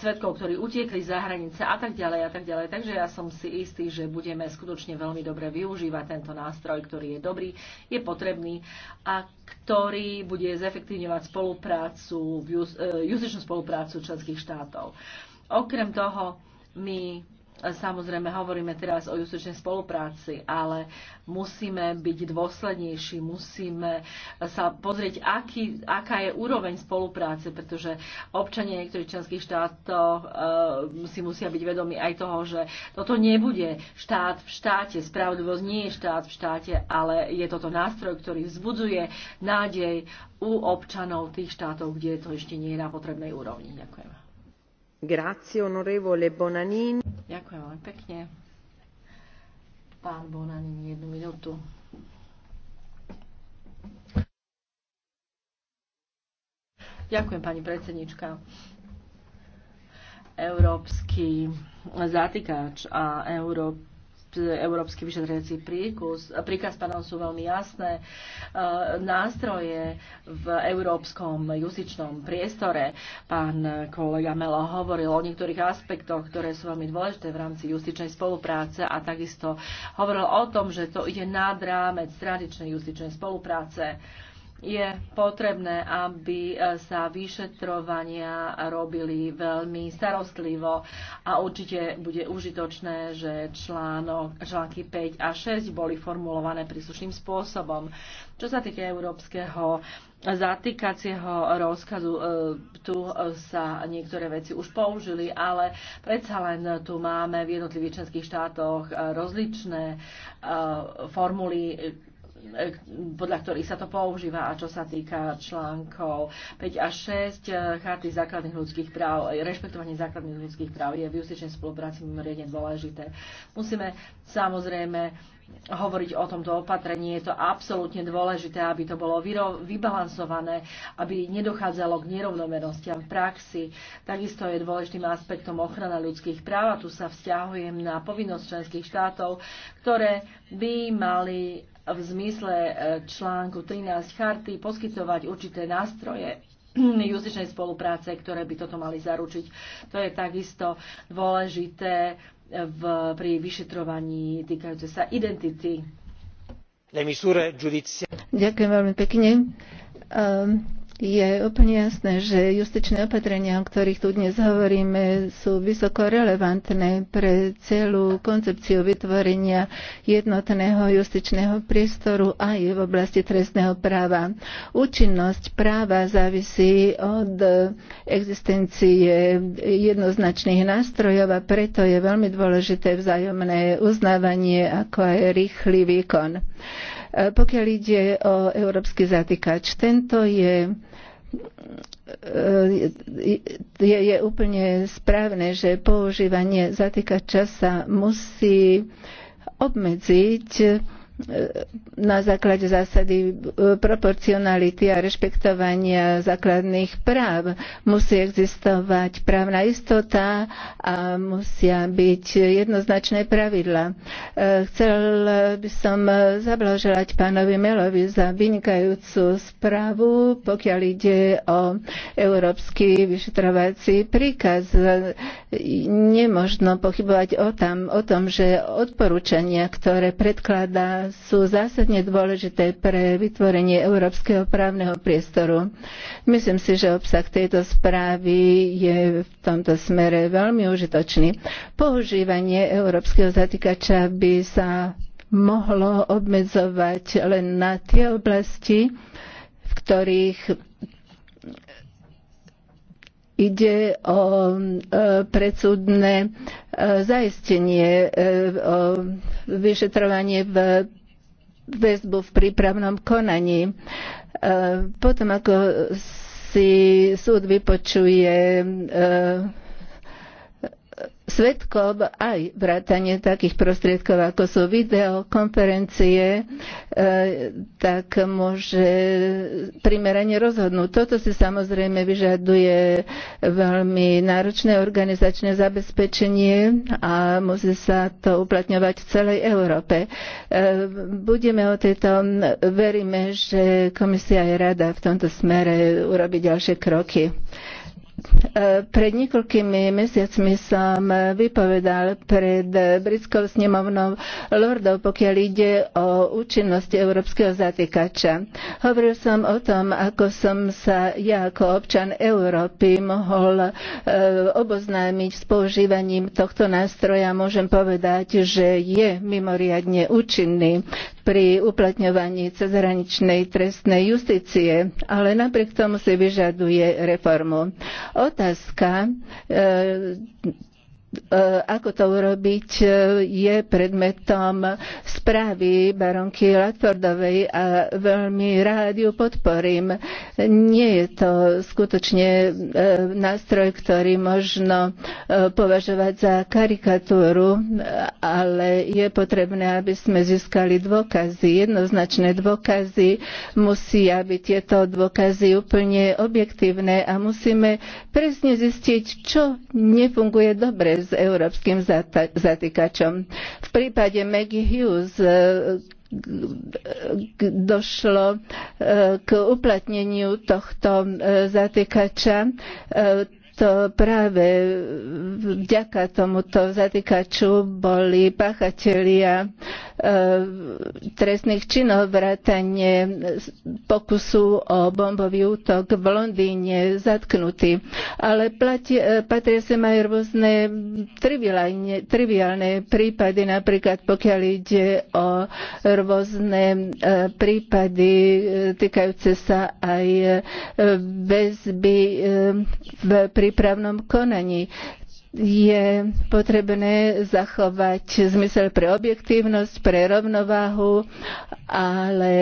svetkov, ktorí utiekli za hranice a tak ďalej a tak ďalej. Takže ja som si istý, že budeme skutočne veľmi dobre využívať tento nástroj, ktorý je dobrý, je potrebný a ktorý bude zefektívňovať spoluprácu, justičnú spoluprácu členských štátov. Okrem toho, my Samozrejme, hovoríme teraz o justičnej spolupráci, ale musíme byť dôslednejší, musíme sa pozrieť, aký, aká je úroveň spolupráce, pretože občania niektorých členských štátov e, si musia byť vedomi aj toho, že toto nebude štát v štáte, spravodlivosť nie je štát v štáte, ale je toto nástroj, ktorý vzbudzuje nádej u občanov tých štátov, kde to ešte nie je na potrebnej úrovni. Ďakujem. Grazie, onorevole Bonanini. Ďakujem veľmi pekne. Pán Bona, jednu minútu. Ďakujem, pani predsednička. Európsky zatýkač a Európsky Európsky vyšetriací príkus, príkaz pardon, sú veľmi jasné e, nástroje v európskom justičnom priestore. Pán kolega Melo hovoril o niektorých aspektoch, ktoré sú veľmi dôležité v rámci justičnej spolupráce a takisto hovoril o tom, že to ide nad rámec tradičnej justičnej spolupráce je potrebné, aby e, sa vyšetrovania robili veľmi starostlivo a určite bude užitočné, že článok, články 5 a 6 boli formulované príslušným spôsobom. Čo sa týka európskeho zatýkacieho rozkazu, e, tu sa niektoré veci už použili, ale predsa len tu máme v jednotlivých členských štátoch e, rozličné formuly podľa ktorých sa to používa a čo sa týka článkov 5 a 6 eh, charty základných ľudských práv, eh, rešpektovanie základných ľudských práv je v justičnej spolupráci mimoriadne dôležité. Musíme samozrejme hovoriť o tomto opatrení. Je to absolútne dôležité, aby to bolo vybalansované, aby nedochádzalo k nerovnomernostiam v praxi. Takisto je dôležitým aspektom ochrana ľudských práv a tu sa vzťahujem na povinnosť členských štátov, ktoré by mali v zmysle e, článku 13 charty poskytovať určité nástroje justičnej spolupráce, ktoré by toto mali zaručiť. To je takisto dôležité e, v, pri vyšetrovaní týkajúce sa identity. Ďakujem veľmi pekne. Um, je úplne jasné, že justičné opatrenia, o ktorých tu dnes hovoríme, sú vysoko relevantné pre celú koncepciu vytvorenia jednotného justičného priestoru aj v oblasti trestného práva. Účinnosť práva závisí od existencie jednoznačných nástrojov a preto je veľmi dôležité vzájomné uznávanie ako aj rýchly výkon. E, pokiaľ ide o európsky zatýkač, tento je e, je, je úplne správne, že používanie zatýkača sa musí obmedziť na základe zásady e, proporcionality a rešpektovania základných práv. Musí existovať právna istota a musia byť jednoznačné pravidla. E, chcel by som zablaželať pánovi Melovi za vynikajúcu správu, pokiaľ ide o európsky vyšetrovací príkaz. Nemožno pochybovať o, tam, o tom, že odporúčania, ktoré predkladá sú zásadne dôležité pre vytvorenie európskeho právneho priestoru. Myslím si, že obsah tejto správy je v tomto smere veľmi užitočný. Používanie európskeho zatýkača by sa mohlo obmedzovať len na tie oblasti, v ktorých ide o e, predsudné e, zaistenie, e, o vyšetrovanie v väzbu v prípravnom konaní. E, potom, ako si súd vypočuje e, svetkom aj vrátanie takých prostriedkov, ako sú videokonferencie, e, tak môže primerane rozhodnúť. Toto si samozrejme vyžaduje veľmi náročné organizačné zabezpečenie a musí sa to uplatňovať v celej Európe. E, budeme o tejto, veríme, že komisia je rada v tomto smere urobiť ďalšie kroky. E, pred niekoľkými mesiacmi som vypovedal pred britskou snemovnou lordov, pokiaľ ide o účinnosť európskeho zatýkača. Hovoril som o tom, ako som sa ja ako občan Európy mohol e, oboznámiť s používaním tohto nástroja. Môžem povedať, že je mimoriadne účinný pri uplatňovaní cezhraničnej trestnej justície, ale napriek tomu si vyžaduje reformu. Otázka e, E, ako to urobiť e, je predmetom správy baronky Latfordovej a veľmi rád ju podporím. Nie je to skutočne e, nástroj, ktorý možno považovať za karikatúru, ale je potrebné, aby sme získali dôkazy, jednoznačné dôkazy. Musia byť tieto dôkazy úplne objektívne a musíme presne zistiť, čo nefunguje dobre s európskym zatýkačom. V prípade Maggie Hughes e, došlo e, k uplatneniu tohto e, zatýkača to práve vďaka tomuto zatýkaču boli páchatelia E, trestných činov, vrátane pokusu o bombový útok v Londýne zatknutý. Ale platí, e, patria sa aj rôzne triviálne, triviálne prípady, napríklad pokiaľ ide o rôzne e, prípady týkajúce sa aj väzby v prípravnom konaní je potrebné zachovať zmysel pre objektívnosť, pre rovnováhu, ale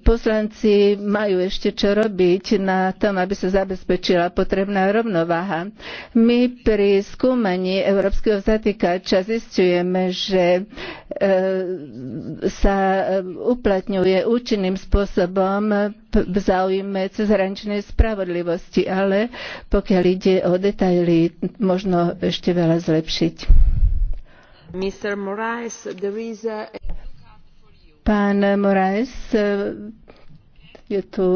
poslanci majú ešte čo robiť na tom, aby sa zabezpečila potrebná rovnováha. My pri skúmaní Európskeho zatýkača zistujeme, že e, sa e, uplatňuje účinným spôsobom v záujme cezhraničnej spravodlivosti, ale pokiaľ ide o detaily, možno ešte veľa zlepšiť. Mr. Moraes, there is a... Pán Moraes, je tu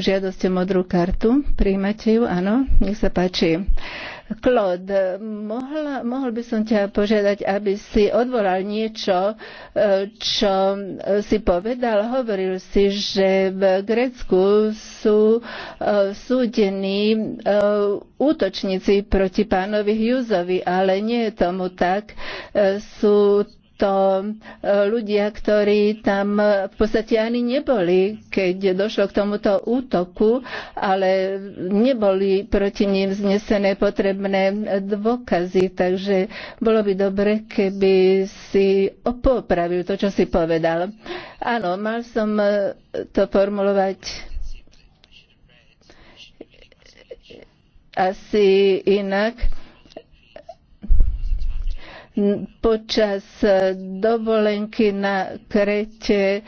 žiadosť o modrú kartu. Príjmate ju? Áno, nech sa páči. Claude, mohla, mohol by som ťa požiadať, aby si odvolal niečo, e, čo si povedal. Hovoril si, že v Grécku sú e, súdení e, útočníci proti pánovi Hughesovi, ale nie je tomu tak. Sú to e, ľudia, ktorí tam v podstate ani neboli, keď došlo k tomuto útoku, ale neboli proti ním vznesené potrebné dôkazy, takže bolo by dobre, keby si opopravil to, čo si povedal. Áno, mal som e, to formulovať asi inak Počas dovolenky na Krete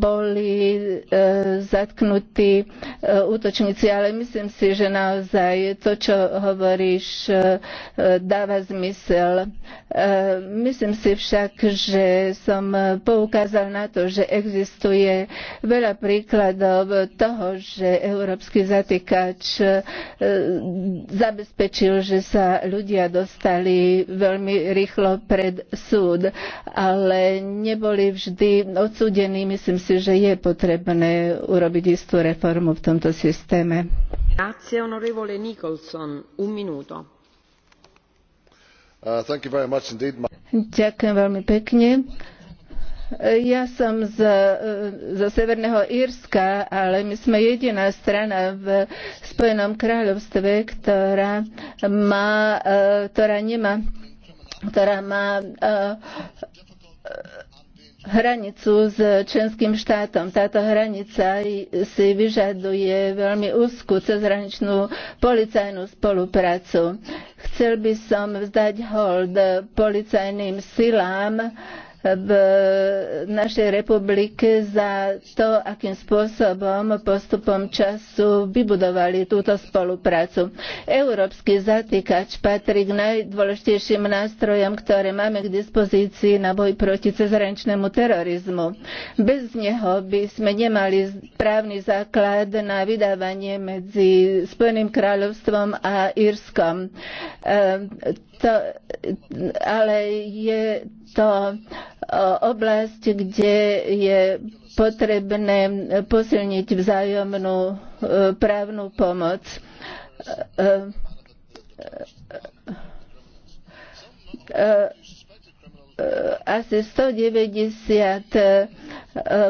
boli e, zatknutí e, útočníci, ale myslím si, že naozaj to, čo hovoríš, e, dáva zmysel. Myslím si však, že som poukázal na to, že existuje veľa príkladov toho, že európsky zatýkač zabezpečil, že sa ľudia dostali veľmi rýchlo pred súd, ale neboli vždy boli odsúdení, myslím si, že je potrebné urobiť istú reformu v tomto systéme. Grazie, onorevole Nicholson. Un minuto. Uh, indeed, ma... Ďakujem veľmi pekne. Ja som z, uh, zo Severného Írska, ale my sme jediná strana v Spojenom kráľovstve, ktorá, má, uh, ktorá nemá, ktorá má uh, hranicu s členským štátom. Táto hranica si vyžaduje veľmi úzkú cezhraničnú policajnú spoluprácu. Chcel by som vzdať hold policajným silám, v našej republike za to, akým spôsobom postupom času vybudovali túto spoluprácu. Európsky zatýkač patrí k najdôležitejším nástrojom, ktoré máme k dispozícii na boj proti cezhraničnému terorizmu. Bez neho by sme nemali právny základ na vydávanie medzi Spojeným kráľovstvom a Írskom. Ehm, to, ale je to e, oblasť, kde je potrebné posilniť vzájomnú e, právnu pomoc. Uh, E, asi 190 e,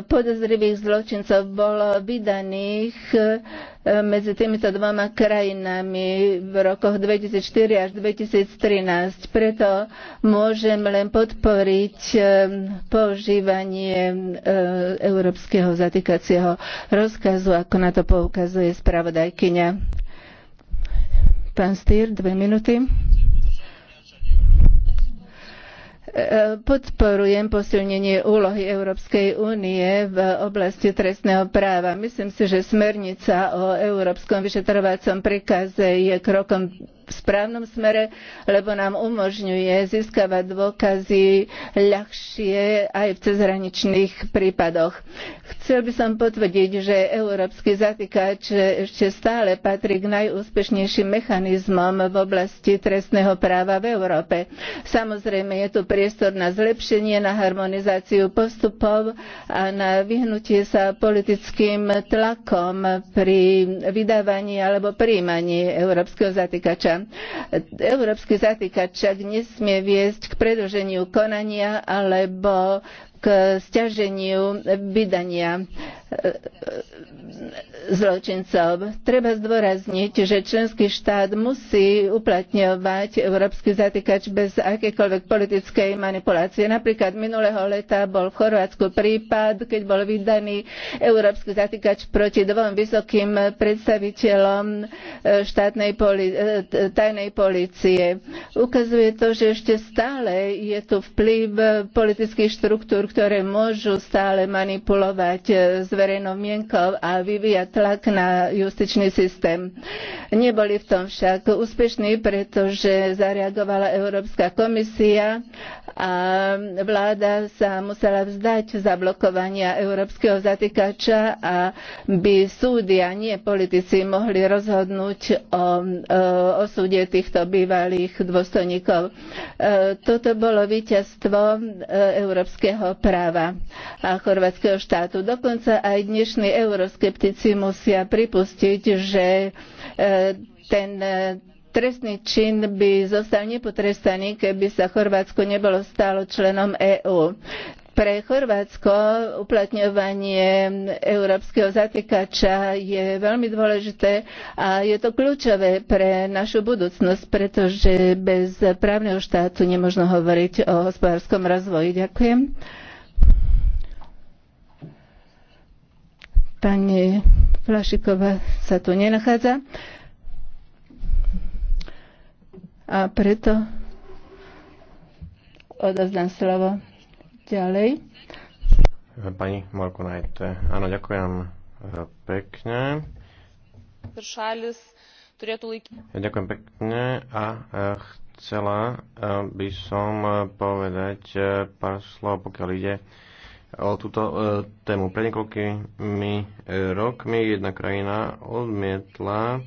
podozrivých zločincov bolo vydaných e, medzi týmito dvoma krajinami v rokoch 2004 až 2013. Preto môžem len podporiť používanie európskeho zatýkacieho rozkazu, ako na to poukazuje spravodajkyňa. Pán Stýr, dve minúty podporujem posilnenie úlohy Európskej únie v oblasti trestného práva. Myslím si, že smernica o Európskom vyšetrovacom príkaze je krokom v správnom smere, lebo nám umožňuje získavať dôkazy ľahšie aj v cezhraničných prípadoch. Chcel by som potvrdiť, že európsky zatýkač ešte stále patrí k najúspešnejším mechanizmom v oblasti trestného práva v Európe. Samozrejme je tu priestor na zlepšenie, na harmonizáciu postupov a na vyhnutie sa politickým tlakom pri vydávaní alebo príjmaní európskeho zatýkača. Európsky zatýkač však nesmie viesť k predlženiu konania alebo k stiaženiu vydania e, e, zločincov. Treba zdôrazniť, že členský štát musí uplatňovať európsky zatýkač bez akékoľvek politickej manipulácie. Napríklad minulého leta bol v Chorvátsku prípad, keď bol vydaný európsky zatýkač proti dvom vysokým predstaviteľom e, štátnej poli- tajnej policie. Ukazuje to, že ešte stále je tu vplyv politických štruktúr, ktoré môžu stále manipulovať e, s verejnou mienkou a vyvíjať tlak na justičný systém. Neboli v tom však úspešní, pretože zareagovala Európska komisia a vláda sa musela vzdať zablokovania európskeho zatýkača, aby súdy a nie politici mohli rozhodnúť o e, osude týchto bývalých dôstojníkov. E, toto bolo víťazstvo Európskeho práva a chorvátskeho štátu. Dokonca aj dnešní euroskeptici musia pripustiť, že e, ten e, trestný čin by zostal nepotrestaný, keby sa Chorvátsko nebolo stalo členom EÚ pre Chorvátsko uplatňovanie európskeho zatýkača je veľmi dôležité a je to kľúčové pre našu budúcnosť, pretože bez právneho štátu nemôžno hovoriť o hospodárskom rozvoji. Ďakujem. Pani Flašiková sa tu nenachádza. A preto odozdám slovo ďalej. Pani Marko Najte. áno, ďakujem e, pekne. Ďakujem pekne a e, chcela e, by som povedať pár slov, pokiaľ ide o túto e, tému. Pre niekoľkými e, rokmi jedna krajina odmietla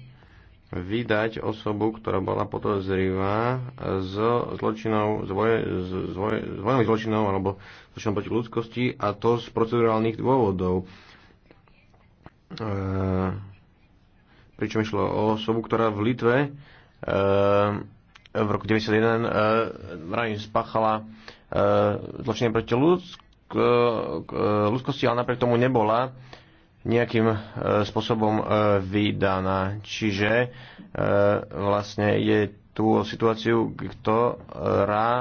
vydať osobu, ktorá bola podozrivá z zločinov, z, voj, z, voj, z vojnových zločinov alebo zločinov proti ľudskosti a to z procedurálnych dôvodov. E, pričom išlo o osobu, ktorá v Litve e, v roku 1991 e, spáchala e, zločiny proti ľudskosti ľudskosti, ale napriek tomu nebola nejakým e, spôsobom e, vydaná. Čiže e, vlastne ide tú situáciu, ktorá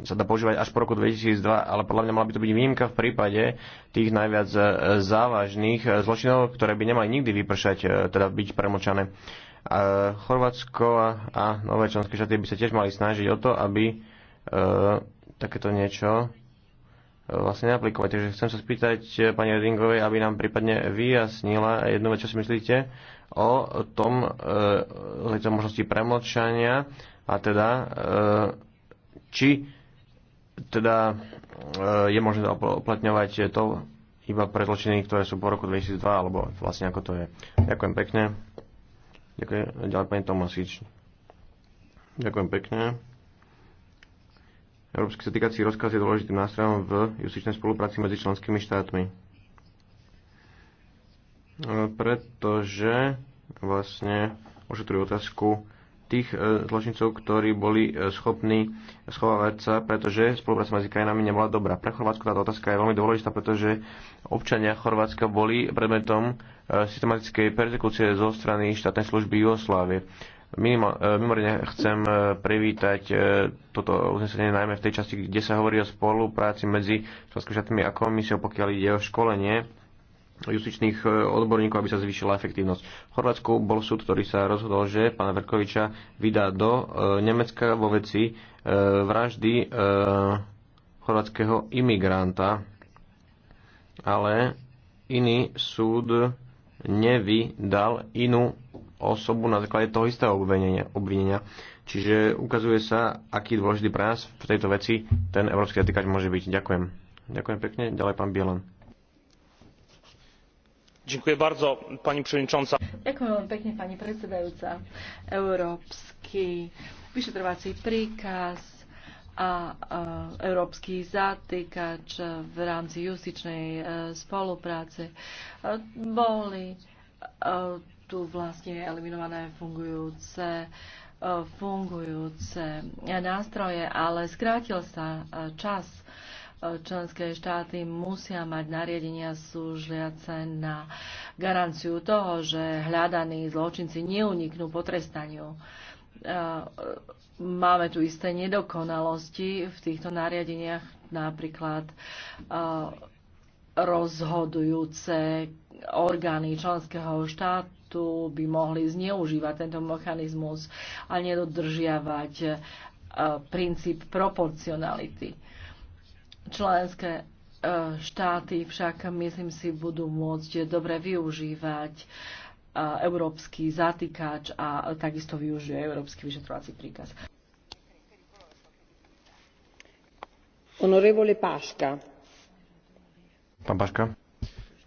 sa dá používať až po roku 2002, ale podľa mňa mala by to byť výnimka v prípade tých najviac závažných zločinov, ktoré by nemali nikdy vypršať, teda byť premočané. Chorvátsko a nové členské štáty by sa tiež mali snažiť o to, aby takéto niečo vlastne neaplikovať. Takže chcem sa spýtať eh, pani Redingovej, aby nám prípadne vyjasnila jednu vec, čo si myslíte o tom, e, o možnosti premlčania a teda e, či teda e, je možné uplatňovať to iba pre zločiny, ktoré sú po roku 2002, alebo vlastne ako to je. Ďakujem pekne. Ďakujem, ďalej pani Tomasič. Ďakujem pekne. Európsky zatýkací rozkaz je dôležitým nástrojom v justičnej spolupráci medzi členskými štátmi. E, pretože vlastne ošetrujú otázku tých e, zločincov, ktorí boli e, schopní schovávať sa, pretože spolupráca medzi krajinami nebola dobrá. Pre Chorvátsko táto otázka je veľmi dôležitá, pretože občania Chorvátska boli predmetom systematickej persekúcie zo strany štátnej služby Jugoslávie. E, mimoriadne chcem e, privítať e, toto uznesenie najmä v tej časti, kde sa hovorí o spolupráci medzi členskými štátmi a komisiou, pokiaľ ide o školenie justičných odborníkov, aby sa zvýšila efektívnosť. V Chorvátsku bol súd, ktorý sa rozhodol, že pána Verkoviča vydá do Nemecka vo veci vraždy chorvátskeho imigranta, ale iný súd nevydal inú osobu na základe toho istého obvinenia. obvinenia. Čiže ukazuje sa, aký dôležitý pre nás v tejto veci ten európsky etikač môže byť. Ďakujem. Ďakujem pekne. Ďalej pán Bielan. Ďakujem bardzo, pani przewodnicząca. Ďakujem veľmi pekne, pani predsedajúca. Európsky vyšetrovací príkaz a európsky zatýkač v rámci justičnej e, spolupráce e, boli e, tu vlastne eliminované fungujúce e, fungujúce nástroje, ale skrátil sa e, čas. E, členské štáty musia mať nariadenia súžiace na garanciu toho, že hľadaní zločinci neuniknú potrestaniu. Máme tu isté nedokonalosti v týchto nariadeniach, napríklad rozhodujúce orgány členského štátu tu by mohli zneužívať tento mechanizmus a nedodržiavať e, princíp proporcionality. Členské e, štáty však, myslím si, budú môcť dobre využívať e, európsky zatýkač a takisto využije európsky vyšetrovací príkaz. Honorevole Páška. Pán Paška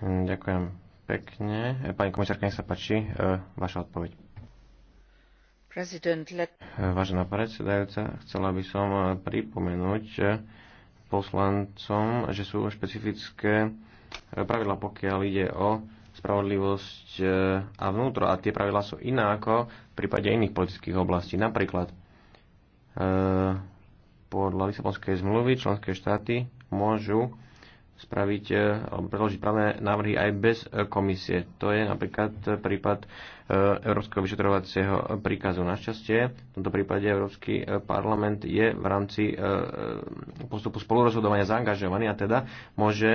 Hm, ďakujem pekne. E, pani komisárka, nech sa páči, e, vaša odpoveď. E, vážená predsedajúca, chcela by som pripomenúť poslancom, že sú špecifické pravidla, pokiaľ ide o spravodlivosť a vnútro. A tie pravidlá sú iná ako v prípade iných politických oblastí. Napríklad podľa Lisabonskej zmluvy členské štáty môžu spraviť e, alebo predložiť právne návrhy aj bez e, komisie. To je napríklad e, prípad Európskeho vyšetrovacieho príkazu. Našťastie v tomto prípade Európsky parlament je v rámci postupu spolurozhodovania zaangažovaný a teda môže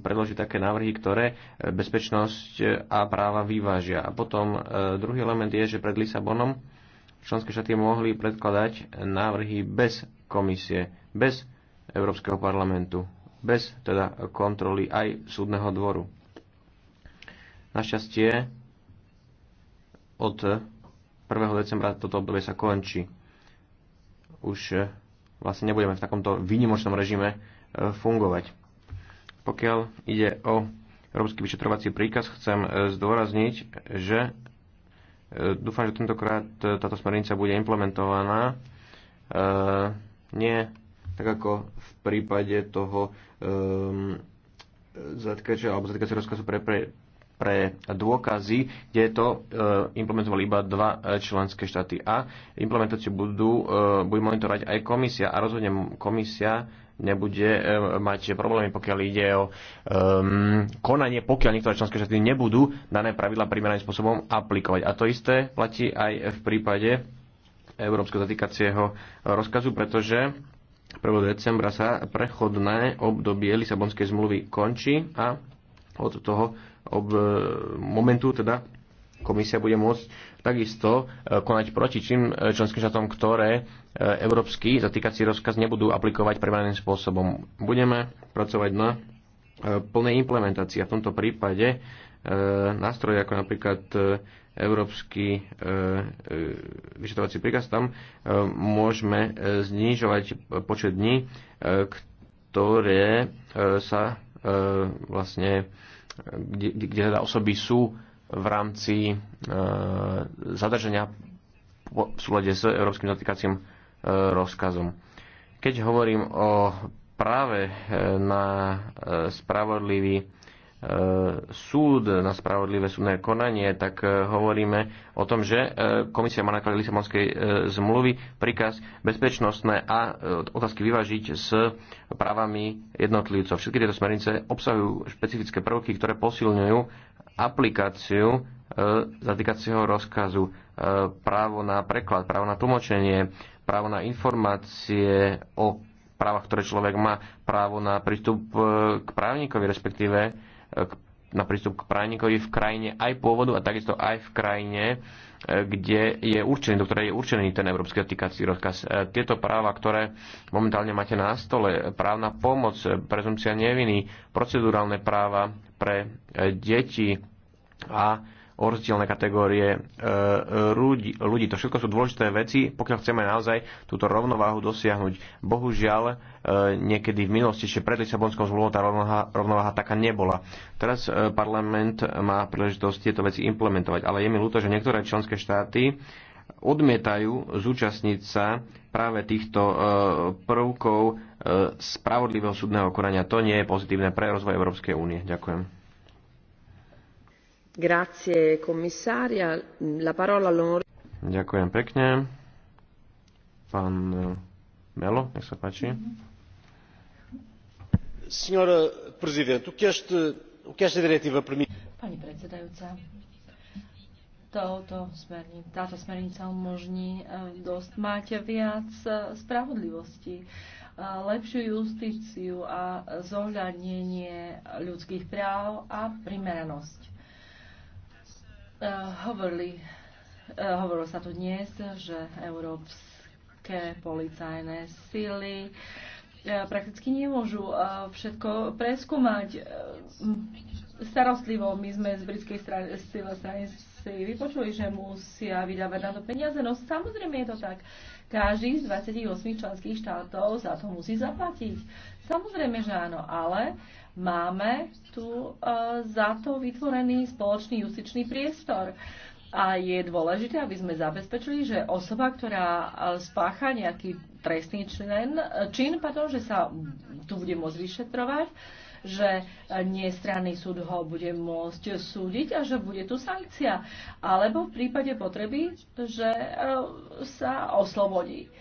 predložiť také návrhy, ktoré bezpečnosť a práva vyvážia. A potom druhý element je, že pred Lisabonom členské štáty mohli predkladať návrhy bez komisie, bez Európskeho parlamentu, bez teda kontroly aj súdneho dvoru. Našťastie od 1. decembra toto obdobie sa končí. Už eh, vlastne nebudeme v takomto výnimočnom režime eh, fungovať. Pokiaľ ide o Európsky vyšetrovací príkaz, chcem eh, zdôrazniť, že E, dúfam, že tentokrát e, táto smernica bude implementovaná. E, nie tak ako v prípade toho ehm, zatkača alebo zatkača rozkazu pre, pre, pre dôkazy, kde to implementovali iba dva členské štáty. A implementáciu budú, budú monitorovať aj komisia a rozhodne komisia nebude e, mať problémy, pokiaľ ide o um, konanie, pokiaľ niektoré členské štáty nebudú dané pravidla primeraným spôsobom aplikovať. A to isté platí aj v prípade Európskeho zatýkacieho rozkazu, pretože 1. decembra sa prechodné obdobie Lisabonskej zmluvy končí a od toho ob, momentu teda komisia bude môcť takisto e, konať proti tým e, členským štátom, ktoré e, európsky zatýkací rozkaz nebudú aplikovať primárnym spôsobom. Budeme pracovať na plnej implementácii a v tomto prípade nástroje ako napríklad európsky vyšetrovací príkaz, tam môžeme znižovať počet dní, ktoré sa vlastne, kde, kde teda osoby sú v rámci e, zadržania v súlade s Európskym zatýkacím e, rozkazom. Keď hovorím o práve e, na e, spravodlivý e, súd, na spravodlivé súdne konanie, tak e, hovoríme o tom, že e, komisia má na základe Lisabonskej e, zmluvy príkaz bezpečnostné a otázky vyvážiť s právami jednotlivcov. Všetky tieto smernice obsahujú špecifické prvky, ktoré posilňujú aplikáciu e, zatýkacieho rozkazu, e, právo na preklad, právo na tlmočenie, právo na informácie o právach, ktoré človek má, právo na prístup e, k právnikovi, respektíve na prístup k právnikovi v krajine aj pôvodu a takisto aj v krajine, kde je určený, do ktorej je určený ten európsky týkací rozkaz. Tieto práva, ktoré momentálne máte na stole, právna pomoc, prezumcia neviny, procedurálne práva pre deti, a o rozdielne kategórie e, ľudí. ľudí. To všetko sú dôležité veci, pokiaľ chceme naozaj túto rovnováhu dosiahnuť. Bohužiaľ, e, niekedy v minulosti, ešte pred Lisabonskou zmluvou, tá rovnováha, rovnováha taká nebola. Teraz e, parlament má príležitosť tieto veci implementovať, ale je mi ľúto, že niektoré členské štáty odmietajú zúčastniť sa práve týchto prvkov spravodlivého súdneho konania. To nie je pozitívne pre rozvoj Európskej únie. Ďakujem. Ďakujem pekne. Pán eh, Melo, nech sa páči. Pani predsedajúca, smerni- táto smernica umožní eh, dosť mať viac eh, spravodlivosti, lepšiu justíciu a zohľadnenie ľudských práv a primeranosť. Eh, hovorili, eh, hovorilo sa tu dnes, že európske policajné sily eh, prakticky nemôžu všetko preskúmať. Starostlivo my sme z britskej strany, strany si vypočuli, že musia vydávať na to peniaze. No samozrejme je to tak. Každý z 28 členských štátov za to musí zaplatiť. Samozrejme, že áno, ale uh, máme tu e, za to vytvorený spoločný justičný priestor. A je dôležité, aby sme zabezpečili, že osoba, ktorá e, spácha nejaký trestný člen, e, čin, pardon, že sa tu bude môcť vyšetrovať, že nestranný súd ho bude môcť súdiť a že bude tu sankcia. Alebo v prípade potreby, že sa oslobodí.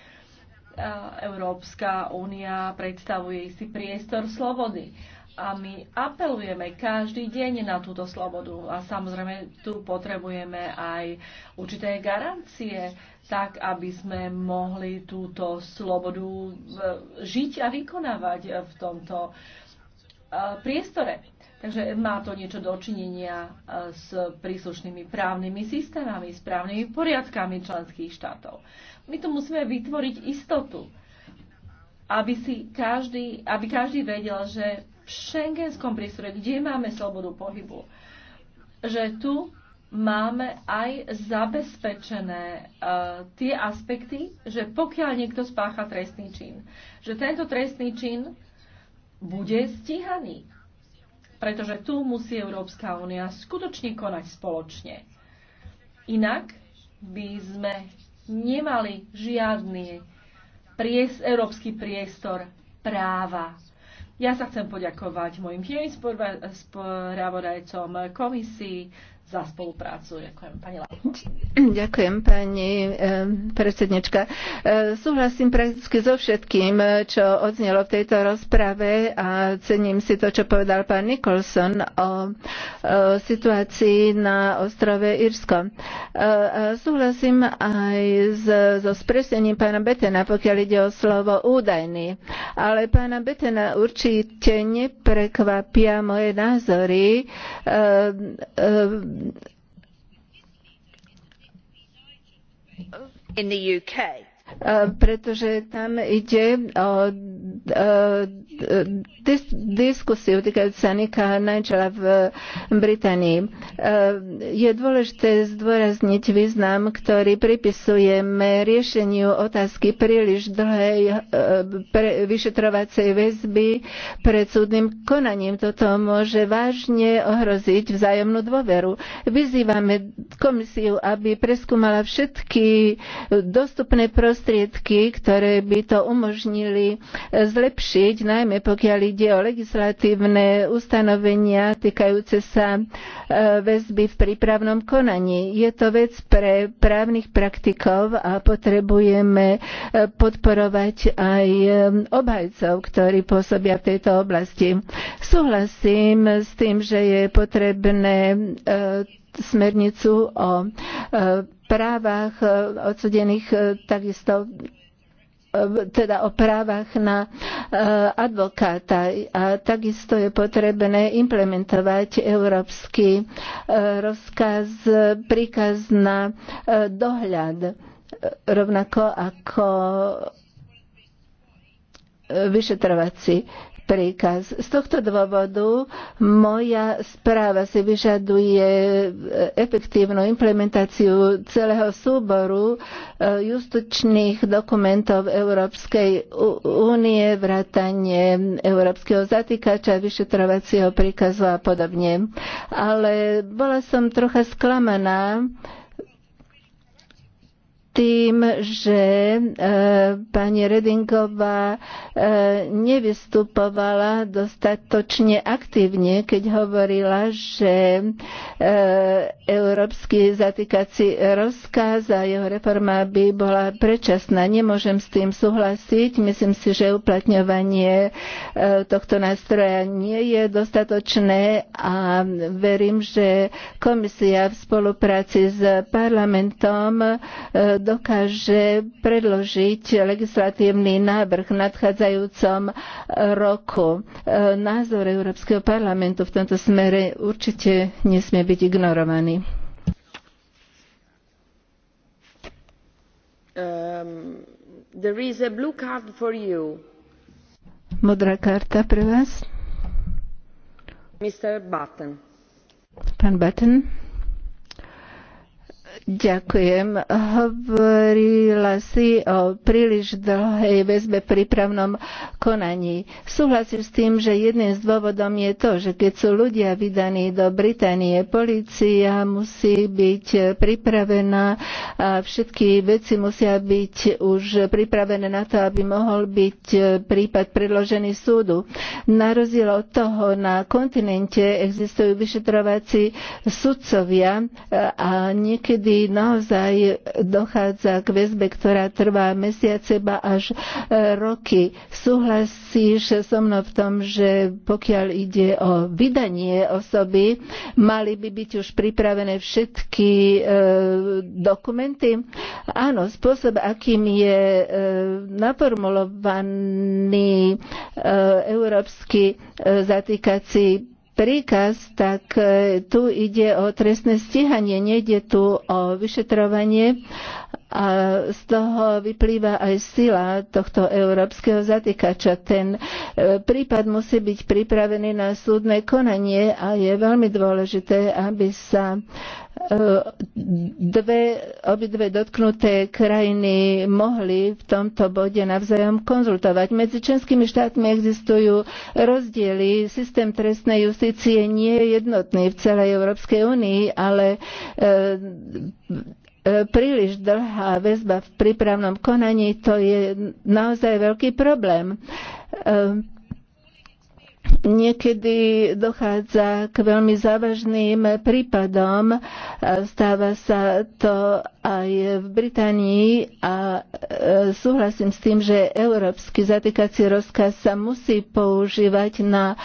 Európska únia predstavuje si priestor slobody a my apelujeme každý deň na túto slobodu. A samozrejme, tu potrebujeme aj určité garancie, tak aby sme mohli túto slobodu e, žiť a vykonávať v tomto e, priestore. Takže má to niečo dočinenia e, s príslušnými právnymi systémami, s právnymi poriadkami členských štátov. My tu musíme vytvoriť istotu, aby, si každý, aby každý vedel, že v šengenskom prístore, kde máme slobodu pohybu, že tu máme aj zabezpečené uh, tie aspekty, že pokiaľ niekto spácha trestný čin, že tento trestný čin bude stíhaný. Pretože tu musí Európska únia skutočne konať spoločne. Inak by sme nemali žiadny pries, európsky priestor práva ja sa chcem poďakovať mojim tieň spravodajcom, komisii, za spoluprácu. Ďakujem, pani Ďakujem, pani eh, predsednička. Eh, súhlasím prakticky so všetkým, eh, čo odznelo v tejto rozprave a cením si to, čo povedal pán Nicholson o situácii na ostrove Irsko. Súhlasím aj so spresnením pána Betena, pokiaľ ide o slovo údajný. Ale pána Betena určite neprekvapia moje názory in the uk pretože tam ide o dis, diskusiu týkajúcu sa Nika Nigela v Británii. E, je dôležité zdôrazniť význam, ktorý pripisujeme riešeniu otázky príliš dlhej e, vyšetrovacej väzby pred súdnym konaním. Toto môže vážne ohroziť vzájomnú dôveru. Vyzývame komisiu, aby preskúmala všetky dostupné prostredie, prostriedky, ktoré by to umožnili e, zlepšiť, najmä pokiaľ ide o legislatívne ustanovenia týkajúce sa e, väzby v prípravnom konaní. Je to vec pre právnych praktikov a potrebujeme e, podporovať aj obhajcov, ktorí pôsobia v tejto oblasti. Súhlasím s tým, že je potrebné smernicu o právach e, odsudených, e, takisto e, teda o právach na advokáta. A takisto je potrebné implementovať európsky rozkaz, príkaz na dohľad, rovnako ako vyšetrovací príkaz. Z tohto dôvodu moja správa si vyžaduje eh, efektívnu implementáciu celého súboru eh, justičných dokumentov Európskej únie, vrátanie Európskeho zatýkača, vyšetrovacieho príkazu a podobne. Ale bola som trocha sklamaná, tým, že e, pani Redingová e, nevystupovala dostatočne aktívne, keď hovorila, že e, európsky zatýkací rozkaz a jeho reforma by bola predčasná. Nemôžem s tým súhlasiť. Myslím si, že uplatňovanie e, tohto nástroja nie je dostatočné a verím, že komisia v spolupráci s parlamentom e, dokáže predložiť legislatívny návrh v nadchádzajúcom e, roku. E, názor Európskeho parlamentu v tomto smere určite nesmie byť ignorovaný. Um, there is a blue card for you. Modrá karta pre vás. Mr. Button. Pán Button. Ďakujem. Hovorila si o príliš dlhej väzbe prípravnom konaní. Súhlasím s tým, že jedným z dôvodom je to, že keď sú ľudia vydaní do Británie, policia musí byť pripravená a všetky veci musia byť už pripravené na to, aby mohol byť prípad predložený súdu. Na rozdiel od toho na kontinente existujú vyšetrovací sudcovia a niekedy niekedy naozaj dochádza k väzbe, ktorá trvá mesiace, ba až e, roky. Súhlasíš so mnou v tom, že pokiaľ ide o vydanie osoby, mali by byť už pripravené všetky e, dokumenty? Áno, spôsob, akým je e, naformulovaný e, európsky e, zatýkací príkaz, tak e, tu ide o trestné stíhanie, nejde tu o vyšetrovanie a z toho vyplýva aj sila tohto európskeho zatýkača. Ten e, prípad musí byť pripravený na súdne konanie a je veľmi dôležité, aby sa e, dve, obidve dotknuté krajiny mohli v tomto bode navzájom konzultovať. Medzi členskými štátmi existujú rozdiely. Systém trestnej justície nie je jednotný v celej Európskej únii, ale e, E, príliš dlhá väzba v prípravnom konaní, to je naozaj veľký problém e, Niekedy dochádza k veľmi závažným prípadom. Stáva sa to aj v Británii a e, súhlasím s tým, že európsky zatýkací rozkaz sa musí používať na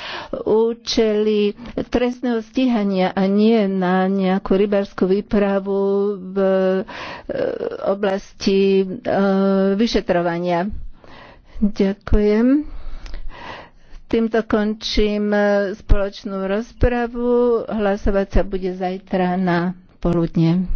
účely trestného stíhania a nie na nejakú rybárskú výpravu v e, oblasti e, vyšetrovania. Ďakujem. Týmto končím e, spoločnú rozpravu. Hlasovať sa bude zajtra na poludne.